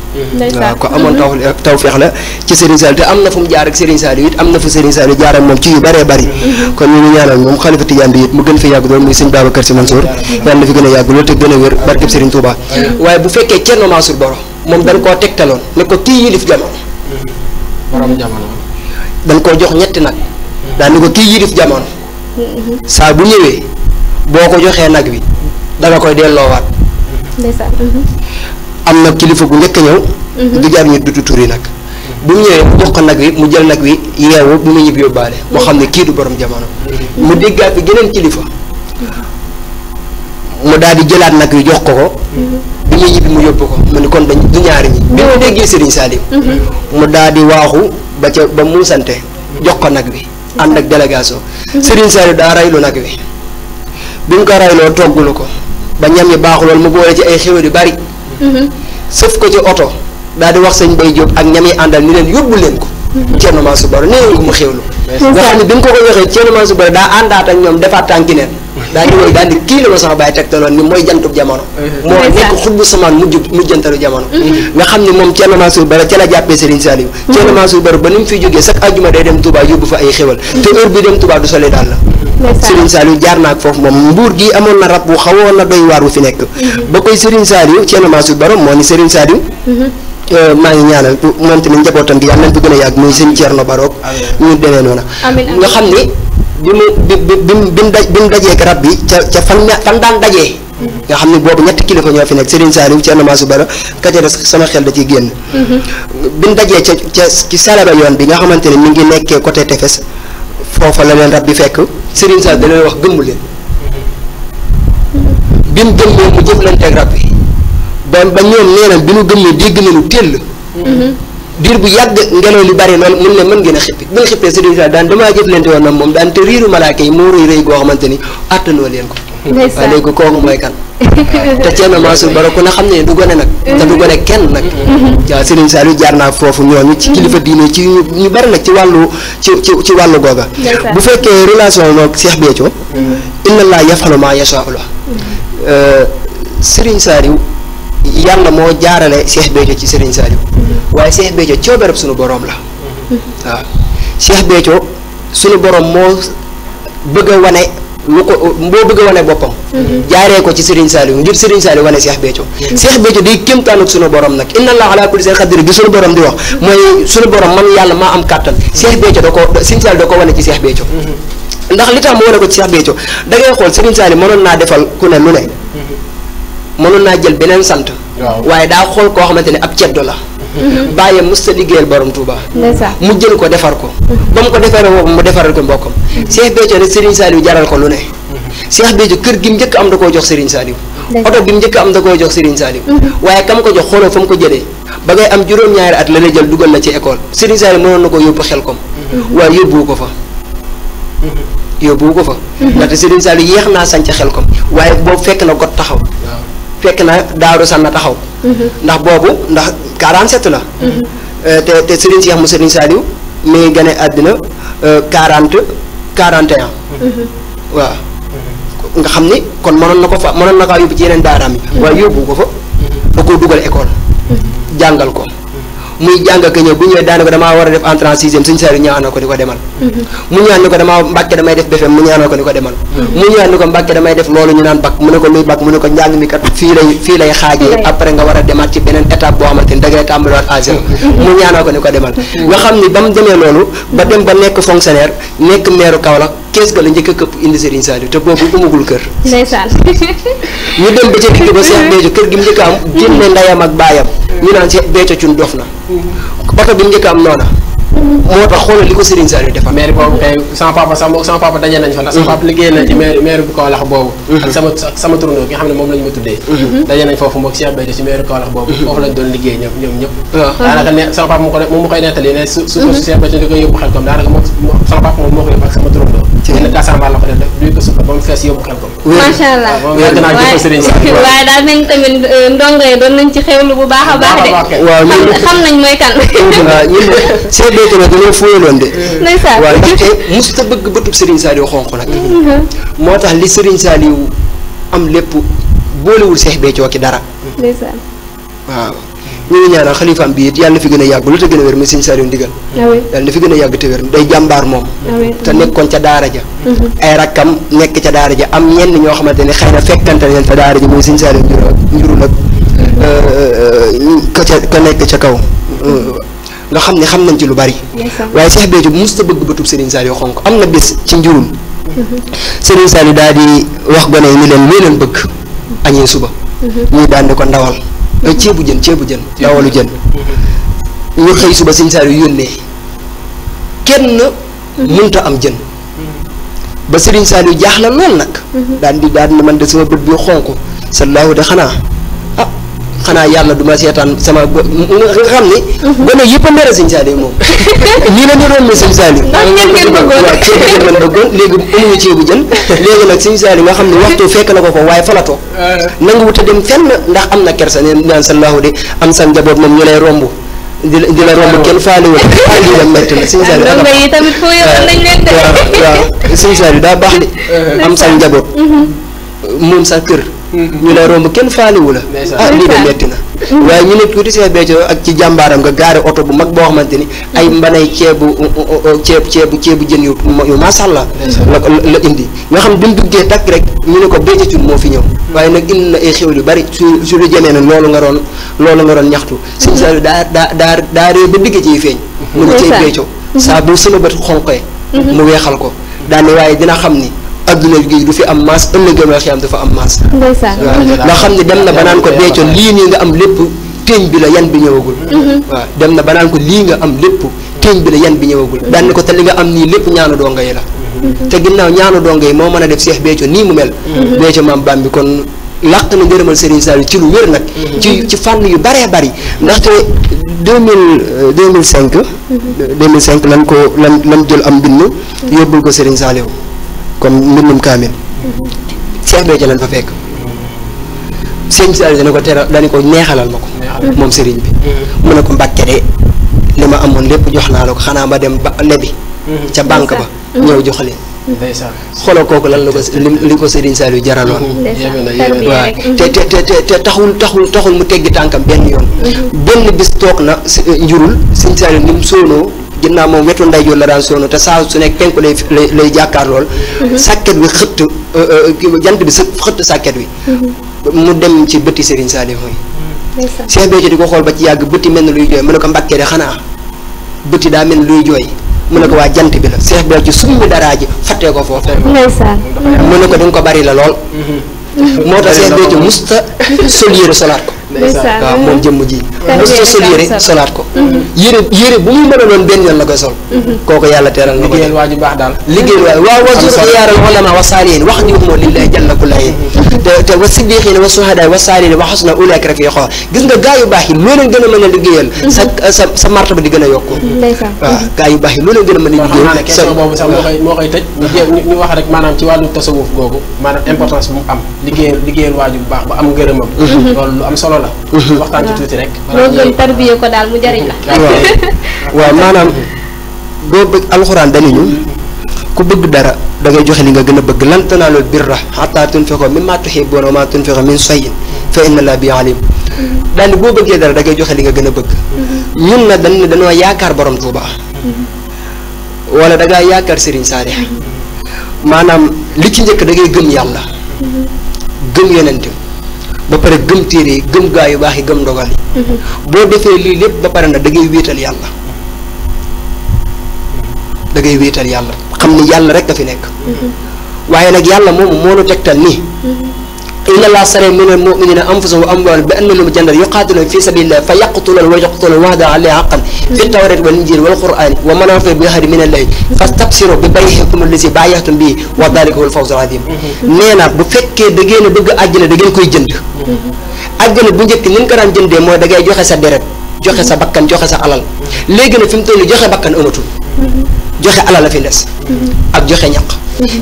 Speaker 4: waaw ku amoon taw
Speaker 3: euh, tawféex la ci Serigne Saliou te am na fu mu jaar ak Serigne Saliou it am na fu Serigne Saliou jaar ak moom ci yu bëree bëri mhm. kon ñu ngi ñaanal moom xalifa Tijaan bi it mu gën fi yàgg loolu muy sëñ Babacar si Mansour yàlla na fi gën a yàgg loolu te gën a wér barkeb Serigne Touba waaye bu fekkee Thierno Mansour Baro moom dañ koo tegtaloon ne ko kii yilif jamono mhm. borom jamono dañ koo jox ñetti nag mhm. saa bu ñëwee boo ko joxee nag wi danga koy delloowaat. am na kilifa bu njëkk a ñëw. Mhm. du ñu dutu yi nag. bu mu ñëwee mu jox ko nag wi mu jël nag wi yeewu bu mu ñibbi yóbbaale. moo xam ne kii du borom jamono. Mhm. mu déggaat bi geneen kilifa. mu daal di jëlaat nag wi jox ko ko. Mhm. bi ñuy ñibbi mu yóbbu ko mu ni kon dañ ñaar ñaari ñi. bi mu déggee Serigne Saliou. mu daal waaxu ba ca ba mu sante jox ko nag wi. ànd ak délégation. Serigne Saliou daa raylu nag wi bi mu ko rayloo toggulu ko ba ñam yi baaxuloon mu boole ci ay xéwal yu bari. Mhm. sëf ko ci oto daa di wax sëñ Bay Jóob ak ñam àndal ni leen yóbbu leen ko. Mhm. Thierno Mansour Baro nee leen ko mu xéwlu. nga xam ne bi mu ko ko waxee Thierno Mansour Baro daa àndaat ak ñoom defaat tànki neen daa di daal di kii la ma sama bàyyi tegtaloon ni mooy jantub jamono mm-hmm. moo nekk xutbu samaan mujj mujjantalu jamono mm-hmm. nga xam ne moom Thierno Mansour Bara ca la jàppee Serigne Saliou mm-hmm. Thierno Mansour Bara ba ni mu fiy jógee chaque àjjuma day dem Touba yóbbu fa ay xéwal te dem Touba du sole daal la
Speaker 4: Serigne
Speaker 3: jaar naak foofu moom mbuur gi amoon na rab wu xawoon na doy waar wu fi nekk ba koy Serigne Saliou Thierno Mansour Bara moo ni Serigne Saliou euh, maa ngi ñaanal moom tamit njabootam gi yàlla nañ ko gën a yàgg muy sëñ Thierno Baroog ñu demee noona nga xam ni bi mu bi bi bi mu bi mu dajee ak rab bi ca ca fan fan daan dajee. nga xam ne boobu ñetti kilifa ñoo fi nekk Serigne Saliou Thierno Mansour Bara Kajara sama xel da ciy génn. Mhm. bi mu dajee ca ca ci Salaba yoon bi nga xamante ne mi ngi nekkee côté Tefes foofa la leen rab bi fekk Serigne Saliou da leen wax gëmmu leen. Mhm. bi mu gëmmoo mu jëflanteeg rab bi ba ba ñoom nee na bi ñu gëmmee dégg nañu teel. Mhm. diir bu yàgg ngelaw li bari noonu mun leen mën ngeen a xippi bu ñu xippee si résultat daan damaa jëflante woon nag moom daan te riiru malaaka yi moo rëy rëy goo xamante ni àttanoo leen ko waaw léegi kooku mooy kan
Speaker 4: <laughs> te Thierno
Speaker 3: Mansour Baro ku ne xam ne du a nag mm-hmm. te du gone kenn nag
Speaker 4: waaw mm-hmm.
Speaker 3: Serigne Saliou jaar naa foofu ñooñu ci mm-hmm. kilifa diine ci ñu bari nag ci wàllu ci ci ci wàllu googa bu fekkee relation noog Cheikh Béthio inna laa yafalu maa yashaa'u euh, Serigne Saliou yàlla moo jaarale seex Béthio ci Serigne Saliou waaye Cheikh Béthio coobeerab sunu boroom la waaw Cheikh Béthio sunu boroom moo bëgg a wane lu ko moo bëgg a wane boppam jaaree ko ci Serigne Saliou ngir Serigne Saliou wane Cheikh Béthio Cheikh Béthio day kéemtaanuk sunu borom nag inna allah ala kulli seen xadir gi sunu borom di wax mooy sunu borom man yàlla ma am kàttan Cheikh Béthio da ko Serigne Saliou da ko wane ci Cheikh Béthio ndax li tax wane ko ci Cheikh Béthio da ngay xool Serigne Saliou mënoon naa defal ku mënoon naa jël beneen sant. waaye daa xool koo xamante ne ab ceddo la. Mhm. bàyyam mës sa liggéeyal borom Touba. mu jël ko defar ko. Mhm. ba mu ko defar boppam mu defaral ko mbokk mhm. Cheikh Béthio nag Serigne Saliou jaral ko lu ne. Cheikh kër gi mu njëkk am da koo jox Serigne Saliou. oto bi njëkk am da koo jox Serigne Saliou. waaye kam ko jox xooloo fa mu ko jëlee. ba ngay am juróom-ñaari at la lay jël dugal la ci école Serigne Saliou mënoon na koo yóbbu xel kom. waaye yóbbuwu ko fa. yóbbuwu ko fa. ndaxte Serigne Saliou yéex naa sañ xel ko waaye boo fekk na got taxaw. fekk na Daaru Sanna taxaw. Mhm. ndax boobu ndax 47 la. Mhm. Euh, te te Serigne Cheikh mu Serigne Saliou mi ngi gane àddina 40 euh, 41. Mhm. waaw. nga xam ni kon mënoon na ko fa mënoon na kaa yóbbu ci yeneen daaraam yi. waaye yóbbu ko fa. da koo dugal école. jàngal ko. muy jàng ak ñëw bu ñëwee daane ko damaa war a def entrant sixième suñu saari ñaan na ko ni ko mhm. mhm. ñu naan bac ko luy bac mu ne ko a demaat ci beneen étape boo xamante ni da ngay tàmbaliwaat à zéro mhm. mu ñaan na ko ni ko demal nga xam ni a këpp te boobu umagul kër ndeysaan dem ba ca digg ba Cheikh Béthio kër gi mu njëkk a am génne ndeyam ak baayam ñu
Speaker 1: naan Cheikh Béthio cun dof na oto bi njëkk am noona moo tax xoolal li ko Serigne Saliou defal. maire boobu kay sama papa sama sama papa daje nañ fa ndax sama papa liggéey na ci maire maire bu Kaolack boobu. Mhm. ak sama ak sama tournoi bi nga xam ne moom lañ ma tuddee. Mhm. daje nañ foofu moog Cheikh Béthio ci maire Kaolack boobu. Mhm. foofu lañ doon liggéey ñoom ñoom ñëpp. daanaka ne sama papa mu ko mu koy nettali ne su su ko Cheikh Béthio di ko yóbbu xel kom daanaka moom sama papa moom moo ko yóbbu ak sama tournoi. ci benn Kassamba la ko def def duy ko suuf ba mu fees yóbbu xel kom. macha
Speaker 2: allah waaye daal nañ tamit euh, ndongo yi doon nañ ci xewlu bu baax a baax de. waaw xam nañ mooy kan. waaw
Speaker 3: ñun seen béykat yi dañoo de. Mm.
Speaker 2: ndeysaan waaw ndaxte
Speaker 3: mosut a bëgg bëtub Serigne Saliou xonq nag. Mm-hmm. moo tax li Serigne Saliou am lépp boolewul Seex Béthio ki dara. ndeysaan waaw. ñu ngi ñaanal xalifaam bi it yàlla fi gën a yàgg lu te gën a wér muy sëñ Saliou Ndigal yàlla na fi gën a yàgg te wér day jàmbaar moom te nekkoon ca daara ja mhm. ay rakkam nekk ca daara ja am ñenn ñoo xamante ne xëy na fekkante leen ca daara ja muy sëñ Saliou njurul ak ko mhm. euh, euh, ca nekk ca kaw mhm. nga xam ne xam nañ ci lu bari waaye Cheikh Béthio bu mës ta bëgg bëtub Serigne Saliou xonk am na bés ci njurul Serigne Saliou daal di wax gone yi ñu leen loo leen bëgg añee suba ñuy daan di ko ndawal ceebu jën ceebu jën ndawalu jën ñu xëy suba sëñ Saaliw yónnee kenn munta am jën ba sëriñ Saaliw jaaxle lool nag mm-hmm. daan di daan na man de sama bët bi xonk sa laaw de xanaa xanaa yàlla duma seetaan sama go nga xam ni. Mhm. gone yépp a mere sëñ Saliou moom. nii <laughs> la ñu doon ne sëñ Saliou. ndax ngeen ngeen bëggoon waaw ceeb ngeen ngeen bëggoon léegi amuñu ceebu jën. <laughs> léegi nag sëñ nga xam ne waxtu fekk na ko ko waaye fa la toog. Ah. nangu wut dem fenn ndax am na kersa ne naan sa laahu de am sa njaboot moom ñu lay romb. di la di la romb kenn ah. faale na ah,
Speaker 2: tamit foo yoroon nañ leen de.
Speaker 3: waaw waaw baax de. am sa njaboot mhm. moom sa kër. ñu la romb kenn faalewu la ah lii de metti na waaye ñu ne tuuti Cheikh Béthio ak ci jàmbaaram nga gaari oto bu mag boo xamante ni ay mbanay ceebu uh, uh, uh, ceeb ceebu ceebu jën yu yu masàlla la la indi nga xam bi mu duggee takk rek ñu ne ko Béthio Thioune moo fi ñëw hmm. waaye nag indi na ay xew yu bari su su lu jëmee nag loolu nga doon loolu nga doon ñaxtu sëñ Saliou daa daa daa daa réer ba digg ciy feeñ mu ne ko cay Béthio saa bu sama bët xonqee
Speaker 2: hmm. mu weexal ko
Speaker 3: hmm. daane waaye dina xam ni adduna gi du fi am maas ëllëg yomal xiyaam dafa am maas.
Speaker 2: ndeysaan nga xam ne dem na banaan ko beeco
Speaker 3: lii nii nga am lépp téeñ bi la yan bi ñëwagul. Mm-hmm. waaw dem na ba ko lii nga am lépp téeñ bi la yan bi ñëwagul. Mm-hmm. daan ko te li nga am nii lépp ñaanu donga yi la.
Speaker 4: Mm-hmm. te
Speaker 3: ginnaaw ñaanu dongo yi moo mën a def seex beeco nii mu mel. beeco maam bi kon. làq na ngërëmal Serigne Saliou ci lu wér nag. ci ci fànn yu bëree bëri ndaxte deux mille euh, deux mille cinq. deux mille cinq lan ko lan lan jël am mbind. yóbbul ko Serigne Saliou. comme mbindum kaamil. Cheikh mhm. Béthio lañ fa fekk. sëñ Saliou dana ko teral dana ko neexalal ma ko. moom sëriñ bi.
Speaker 1: Mhm.
Speaker 3: mu ne ko mbàkke de li ma amoon lépp jox naa la ko xanaa ma dem ba lebi.
Speaker 1: Mhm. ca banque ba ñëw jox
Speaker 3: leen. xoolal kooku lan la ko li ko Serigne Saliou jaraloon.
Speaker 1: waaw te te
Speaker 3: te te taxul taxul mu teggi tànkam benn yoon. benn bis toog na eh, njurul Serigne Saliou ni mu soonoo ginnaaw moom wetu ndeyjoor la daan sonn te saa su nekk penku lay lay lay jàkkaar lool mhm. sàkket bi xëtt euh, euh, jant bi së xëtt sàkket wi mhm. mu dem ci bëtti sëriñ Saliou mooy Cheikh Béthio xool ba ci yàgg bëtti mel na luy jooy mu ne ko mbàkkee de xanaa bëtti daa mel luy jooy mu ne ko waa jant bi la Cheikh Béthio summi daraa ji fàttee ko foofu
Speaker 2: mu
Speaker 3: ne ko di ko bari la lool
Speaker 2: mhm.
Speaker 4: moo tax Cheikh Béthio musta
Speaker 3: <laughs> sol yére ko ndeysaan waaw moom uh-huh. jëmm ji mosta sol yére solaat ko uh-huh. yére yére bu mu mën a doon benn yoon la koy sol uh-huh. kooku yàlla teeral na
Speaker 1: liggéeyal waa wa jus yaaral ulama
Speaker 3: wa saalihin wax ñu moo wa siddiqin wa suhada wa saalihin wa xasna ulaika rafiqa gis nga gaa yu a a
Speaker 1: liggéeyal sa sa sa martaba di gën a yokku waaw gaa yu baax yi loo leen gën a mën a liggéeyal question boobu sax moo koy moo koy tëj ñu wax rek maanaam ci wàllu tasawuf googu maanaam importance bu mu am liggéeyal liggéeyal waa ju baax ba am ngërëmam loolu lu am solo la. Mhm. waxtaan ci tuuti rek. loolu gën
Speaker 2: tarbiyee ko daal mu jariñ la.
Speaker 1: waaw maanaam doo bëgg alxuraan
Speaker 3: danañu ku bëgg dara da ngay joxe li nga gën a bëgg lan tanaalul birra hattaa tunfiqu mimmaa tuhibbuuna wa maa tunfiqu min shay'in fa inna llaaha bihi aliim
Speaker 4: mhm.
Speaker 3: daal boo bëggee dara da joxe li nga gën a bëgg.
Speaker 4: Mhm.
Speaker 3: ñun na dañ ne dañoo yaakaar borom Tuuba. wala da ngaa yaakaar Serigne Saliou. maanaam li ci njëkk da ngay gëm yàlla. gëm yonent ba pare gëm téere yi gëm gaa yu baax yi gëm ndogal yi. Mhm. boo defee lii lépp ba pare na da ngay wéetal yàlla. da wéetal yàlla xam ni yàlla rek a fi nekk. Mhm. waaye nag yàlla moomu moo la tegtal nii. Mhm. إن الله سر من المؤمنين أنفسه وأموال بأنهم جنة يقاتل في سبيل الله فيقتل ويقتل وهذا عليه حقا في التوراة والإنجيل والقرآن ومنافع بغير من الله فاستبصروا ببيعكم الذي بايعتم به وذلك هو الفوز العظيم نينا بفك fekkee da أجل a bëgg جند أجل ngeen koy jënd àjjana bu njëkk ni nga ko daan jëndee mooy da ngay joxe sa deret joxe sa bakkan joxe sa alal léegi nag fi ak joxe ñaq.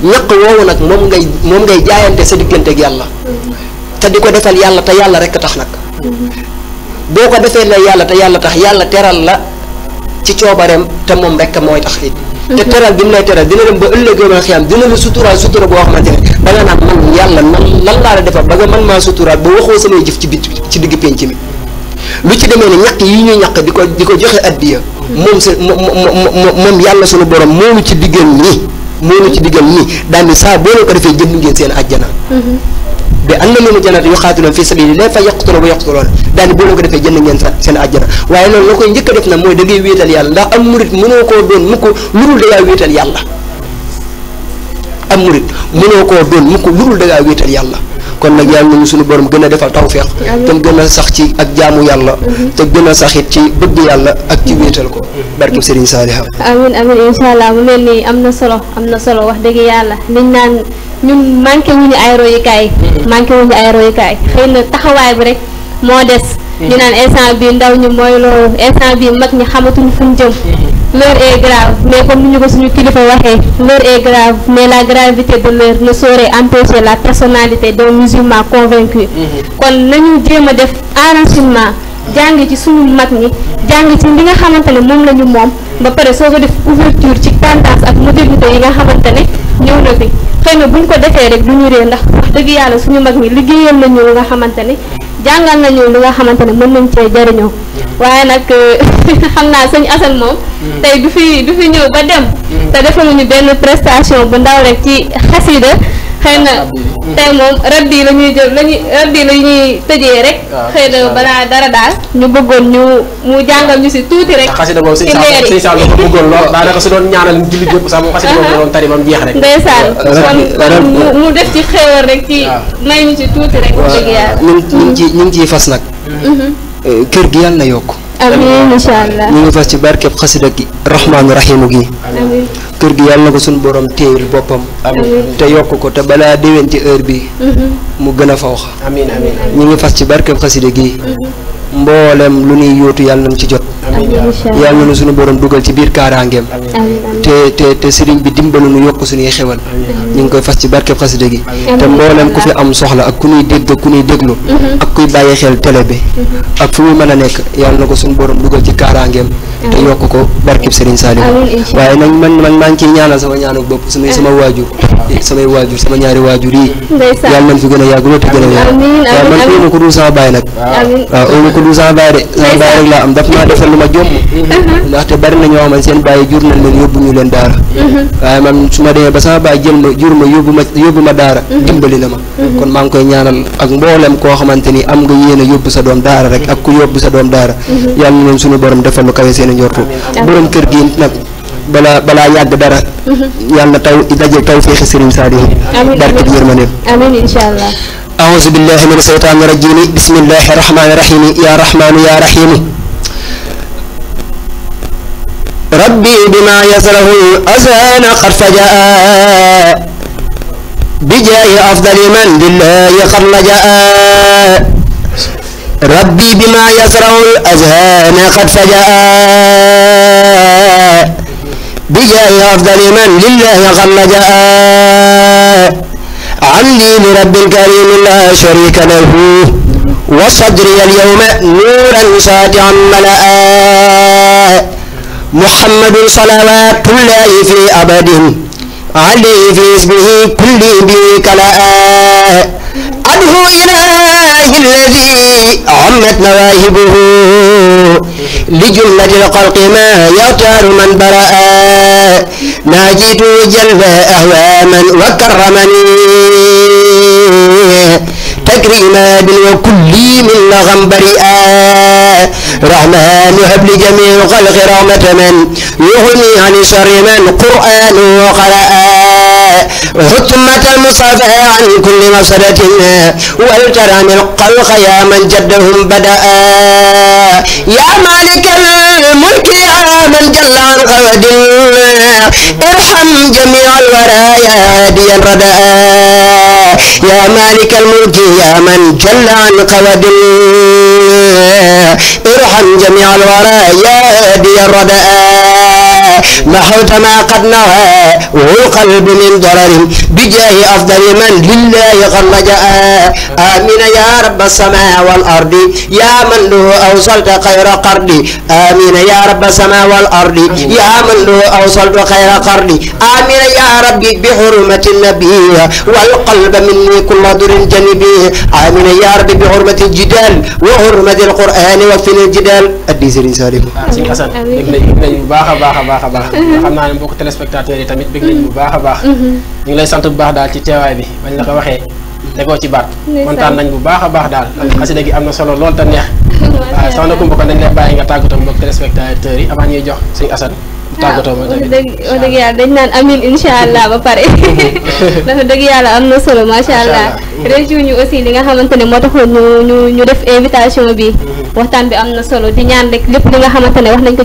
Speaker 3: ñaq woowu nag moom ngay moom ngay jaayante sa diggante ak yàlla. te di ko defal yàlla te yàlla rekk tax nag. boo ko defee la yàlla te yàlla tax yàlla teral la ci coobareem te moom rekk mooy tax it. te mhm. teral bi mu lay teral dina dem ba ëllëgee ba xiyam dina la suturaal sutura boo xamante ne da nga naan man yàlla nan lan laa la defal ba nga man maa suturaal ba waxoo samay jëf ci bit ci digg pénc mi lu ci demee ne ñaq yi ñuy ñaq di ko di ko joxe addiya moom sa moom yàlla suñu moo moonu ci diggal nii moonu ci diggal nii daandi saa boo leen ko defee jënd ngeen seen ajjana mm-hmm. bi am na leenu janaat yuqaatiluuna fii sabiilillaah fa yaqtuluuna wa yaqtuluuna daandi boo leen ko defee jënd ngeen seen ajjana waaye loolu la koy njëkk def nag mooy da ngay wéetal yàlla ndax am murit mënoo koo doon mukk lu dul dangaa wéetal yàlla am murit mënoo koo doon mukk lu dul dangaa wéetal yàlla kon nag yàlla nañu suñu borom gën a defal tawféex te gën a sax ci ak jaamu yàlla te gën a saxit ci bëgg yàlla ak ci wéetal ko barke Serigne Saliha
Speaker 2: amin amin incha allah mu mel ni am na solo am na solo wax dëgg yàlla liñ naan ñun manqué wuñu ay royukaay manqué xëy na taxawaay bi rek moo des ñu naan instant bi ndaw ñi mooy loolu instant bi mag ñi xamatuñu fuñ jëm L'heure est grave, mais comme ni ñu ko suñu kilifa waxee l'heure est grave, mais la gravité de l'heure na saurait empêcher la personnalité d'un musulman convaincu. Mhm. kon nañu jéem a def enracinement jàng ci suñu mag ñi jàng ci li nga xamante ne moom la ñu moom ba pare soo ko def ouverture ci tendance ak modernité yi nga xamante ne ñëw na fi xëy na buñ ko defee rek lu ñu ree ndax wax dëgg yàlla suñu mag ñi liggéeyal nañu nga xamante ne jàngal nañu li nga xamante ne mën nañ cee jëriñoo mm. waaye nag <laughs> xam naa sëñ Assane moom mm. tey du fi du fi ñëw ba dem mm. te lu ñu benn prestation bu ndaw rek ci xasida xëy na tey moom radd yi la ñuy jël la ñuy radd tëjee rek. Ah, xëy na balaa dara daal. ñu bëggoon ñu mu jàngal ñu si tuuti rek. Ah,
Speaker 1: xasida boobu sëñ Sall sëñ Sall dafa bëggoon lool daanaka su doon ñaanal julli yëpp sax moom xasida boobu doon tari ba mu jeex rek. ndeysaan ah, kon
Speaker 2: mu def ci xéewal rek ci may ñu si tuuti rek. dëgg
Speaker 3: ñu ngi ñu fas nag. Mhm. Eh, kër gi yàlla na yokk
Speaker 2: amiin incha allah ñu
Speaker 3: ngi fas ci barkeb xasida gi rahmaanu rahiimu gi. kër gi yàlla na ko suñu borom téyel boppam. amiin te yokk ko te balaa déwén ci heure bi mhm. mu gën a fawx. amiin amiin ñu ngi fas ci barkeb xasida gi.
Speaker 1: Mhm.
Speaker 3: mboolem lu ñuy yóotu yàlla nañ ci jot.
Speaker 1: yàlla na
Speaker 3: nu suñu borom dugal ci biir kaaraangeem te te te sëriñ bi dimbalu nu yokk suñuy xewal ñu ngi koy fas ci barkeb xasida gi te mboolem ku fi am soxla ak ku ñuy dégg ku ñuy déglu mm-hmm. ak kuy bàyyi xel télé bi
Speaker 4: mm-hmm.
Speaker 3: ak fu muy mën a nekk yàlla na ko suñu borom dugal ci kaaraangeem te yokk ko barkib Serigne Saliou waaye nag man man maa ngi ciy ñaanal sama ñaanu bopp samay sama waajur eh, samay waajur sama ñaari waajur yi yàlla man fi gën a yàgg loolu te gën a yàgg waaw man ëwma ko dul sama baay nag
Speaker 4: waaw
Speaker 3: ëwma ko dul sama baay am daf defal lu ma jomm
Speaker 4: uh-huh.
Speaker 3: ndaxte bari na wax xamante seen baay jur nañ leen yóbbu ñu leen daara uh-huh. waaye man su ma demee ba sama baay jël ma jur ma yóbbu ma yóbbu ma daara uh-huh. dimbali na ma Mm-hmm. kon ma ngi koy ñaanal ak mboolem koo xamante ni am nga yéen a yóbbu sa doom daara rek ak ku yóbbu sa doom daara mm-hmm. yàlla ñoom suñu borom defal lu kawe seen njortu borom kër gi nag bala bala yag dara
Speaker 2: mm-hmm.
Speaker 3: yalla taw daje taw fi sëriñ saadiw barke bi yermane
Speaker 2: amin inshallah
Speaker 3: a'udhu billahi minash الشيطان rajim bismillahir rahmanir rahim ya rahman ya rahim رحيم ربي بما يزره الأذان قد فجأ بجاه أفضل من لله خرج جاء ربي بما يزرع الأذهان قد فجاء بجاه أفضل من لله خرج جاء عندي لرب كريم لا شريك له وصدري اليوم نورا ساطعا ملأ محمد صلوات الله في أبد علي في اسمه كل بي كلاء هو إله الذي عمت مواهبه لجملة الخلق ما يختار من برأ ناجيت جل أهواما وكرمني تكريما ما بالوكل من بريئا رحمن يحب لجميع الخلق رغم من يغني عن شر من قرآن
Speaker 4: وقراء
Speaker 3: وحكمة المصطفى عن كل مفسدة والترى من القلق يا من جدهم بدأ يا مالك الملك يا من جل عن قود ارحم جميع الورايا هاديا ردأ يا مالك الملك يا من جل عن قود ارحم جميع الورى يا هادي الرداء محوت ما قد نوى وهو القلب من ضرر بجاه أفضل من لله قد لجأ آمين يا رب السماء والأرض يا من له أوصلت خير قرني آمين يا رب السماء والأرض يا من له أوصلت خير قرني آمين يا ربي بحرمة النبي والقلب مني كل ضر جنبي آمين يا ربي بحرمة الجدال وحرمة القرآن وفي الجدال أدي سرين سالم. آه،
Speaker 1: بارك الله baax a baax mhm. xam naa ne mbokk téléspectateurs yi tamit bëgg nañ bu baax a baax mhm. ñu ngi lay sant bu baax daal ci teewaay bi bañ la ko waxee tegoo ci baat kontaan nañ bu baax a baax daal mhm. xasida gi am na solo lool te neex <laughs> waaw soxna Kumba kon dañ lay bàyyi nga tàggatoo mbokk téléspectateurs yi avant ñuy ma ah, tamit wax
Speaker 2: dëgg yàlla dañ naan amin incha <laughs> allah ba pare <laughs> dafa dëgg yàlla am na solo macha allah mm-hmm. région ñu aussi li nga xamante ne moo taxoon ñu ñu def invitation bi mm-hmm. waxtaan bi am na solo di ñaan rek lépp li nga xamante ne ko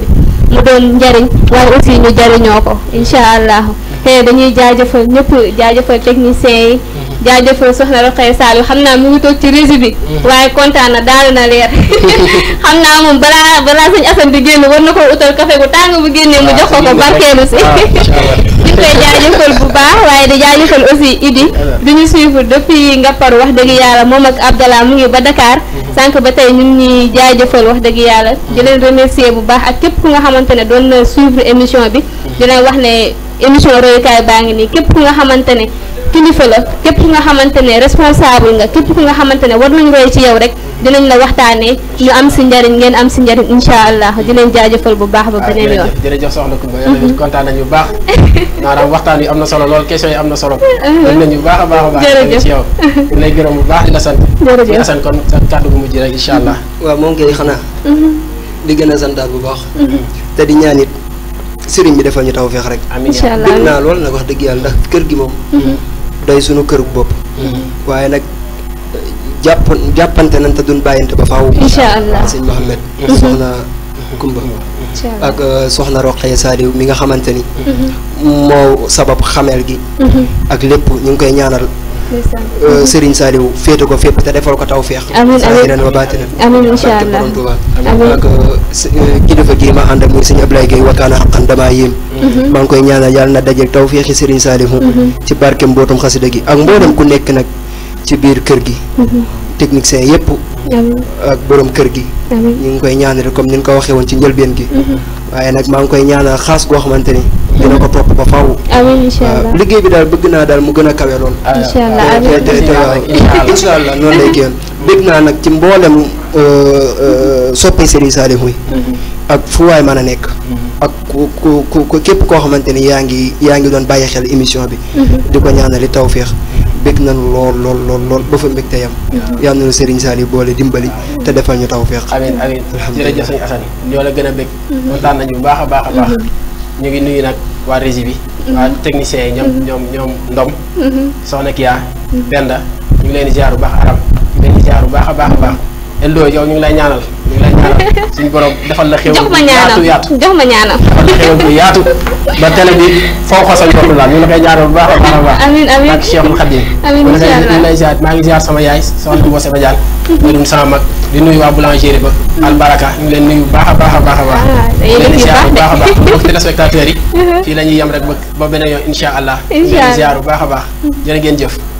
Speaker 2: bi mu doon njariñ waaye aussi ñu jariñoo ko incha allah te dañuy jaajëfal ñëpp jaajëfal techniciens yi mhm. jaajëfal soxna Rokhaya Saliou xam naa mu ngi toog ci régie bi mhm. waaye kontaan daal na leer <laughs> xam naa moom balaa balaa sëñ Assane bi génn war na ko utal café bu tàng bu génnee mu ah, jox ko ko barkeelu si <laughs> ñu koy jaajëfal bu baax waaye di jaajëfal aussi Idi bi ñu suivre depuis Ngaparou wax dëgg yàlla moom ak Abdallah mu ngi ba Dakar sànq ba tey ñun ñuy jaajëfal wax dëgg yàlla di leen remercier bu baax ak képp ku nga xamante ne doon na suivre émission bi di leen wax ne émission royukaay baa ngi nii képp ku nga xamante ne kilifa la képp ku nga xamante ne responsable nga képp ku nga xamante ne war nañ roy ci yow rek dinañ la waxtaanee ñu am si njariñ ngeen am si njariñ incha allah di leen jaajëfal bu baax ba ah, beneen yoon
Speaker 1: jërëjëf soxna Coumba yow mhm. kontaan nañu bu baax <laughs> maanaam waxtaan yi am na solo lool question yi am na solo dañ mhm. nañu bu baax a baax a baax ci yow di lay gërëm bu baax di la sant jërëjëf la sant kon sa kàddu bu mujj rek incha allah mhm. waaw moom kay xanaa
Speaker 3: di gën a santaat bu baax te di ñaan it sëriñ bi defal ñu taw feex rek amiin incha allah naa lool nag wax dëgg yàlla ndax kër gi moom day suñu kër bopp. Mm-hmm. waaye nag jàpp jàppante nañ te duñ bàyyante ba faaw. incha allah sëñ Mouhamed. Mm-hmm. soxna mm-hmm. Kumba. ak euh, soxna Roqee Saliou mi nga xamante ni. moo sabab xameel gi. ak lépp ñu ngi koy ñaanal. Euh, Serigne Saliou féete ko fépp te defal ko taw feex sahiran wa baatinan
Speaker 2: amiin incha allah borom Tuuba ak
Speaker 3: euh, euh, kilifa gii ma ànd ak muy sëñ Ablaye Gueye wakkaana xaqan damaa yéem mhm. maa ngi koy ñaanal yàlla na dajeeg taw feexi Serigne Saliou mhm. ci barke mbootum xasida gi ak mboolem ku nekk nag ci biir kër gi mhm. technicien yépp
Speaker 4: ak borom kër gi ñu ngi koy
Speaker 3: ñaanal comme ni nga ko waxee woon ci njëlbeen gi mhm. waaye nag maa ngi koy ñaanal xaas goo xamante ni mhm. dina ko topp ba faaw liggéey bi daal bëgg naa daal mu gën a kawe lool
Speaker 2: incha allah
Speaker 3: incha lay génn bëgg naa nag ci mboolem euh, euh, mhm. soppe Serigne Saliou ak fu waay mën a nekk ak ku ku ku képp koo xamante ni yaa ngi yaa ngi doon bàyyi xel émission bi di ko ñaanali féex bëgg nañ lool lool lool lool ba fa mbégte yam yal na Serigne Saliou boole dimbali te defal ñu taw feex amiin amiin jërëjëf sëñ Assane
Speaker 1: ñoo la gën a bëgg kontaan nañu bu baax a baax a baax ñu ngi nuyu nag waa régie bi waa technicien yi ñoom ñoom ñoom ndom soxna Kia Penda ñu ngi leen di bu baax aram ñu ngi leen di jaar bu baax a baax a baax Eldo yow ñu ngi lay ñaanal <laughs> suñ borom defal la xew. jox ma ñaanal yaatu
Speaker 2: jox ma ñaanal. defal
Speaker 1: la xew bu yaatu ba télé bi foo xasal yokku la ñu la koy ñaanal bu baax a baax a baax. amiin amiin ak Cheikhul Khadim. amiin incha allah bu lay ziar maa ngi ziar sama yaay soxna Bose Badiane. di sama mag di nuyu waa boulangerie ba. Hmm. albaraka ñu leen nuyu baax a baax a baax a baax. waaw ah, leen ziar bu baax a baax mbokk téléspectateurs yi. <laughs> Uh-huh. fii la ñuy yem rek ba beneen yoon incha allah. incha allah di leen ziar bu baax a baax hmm. jërë ngeen jëf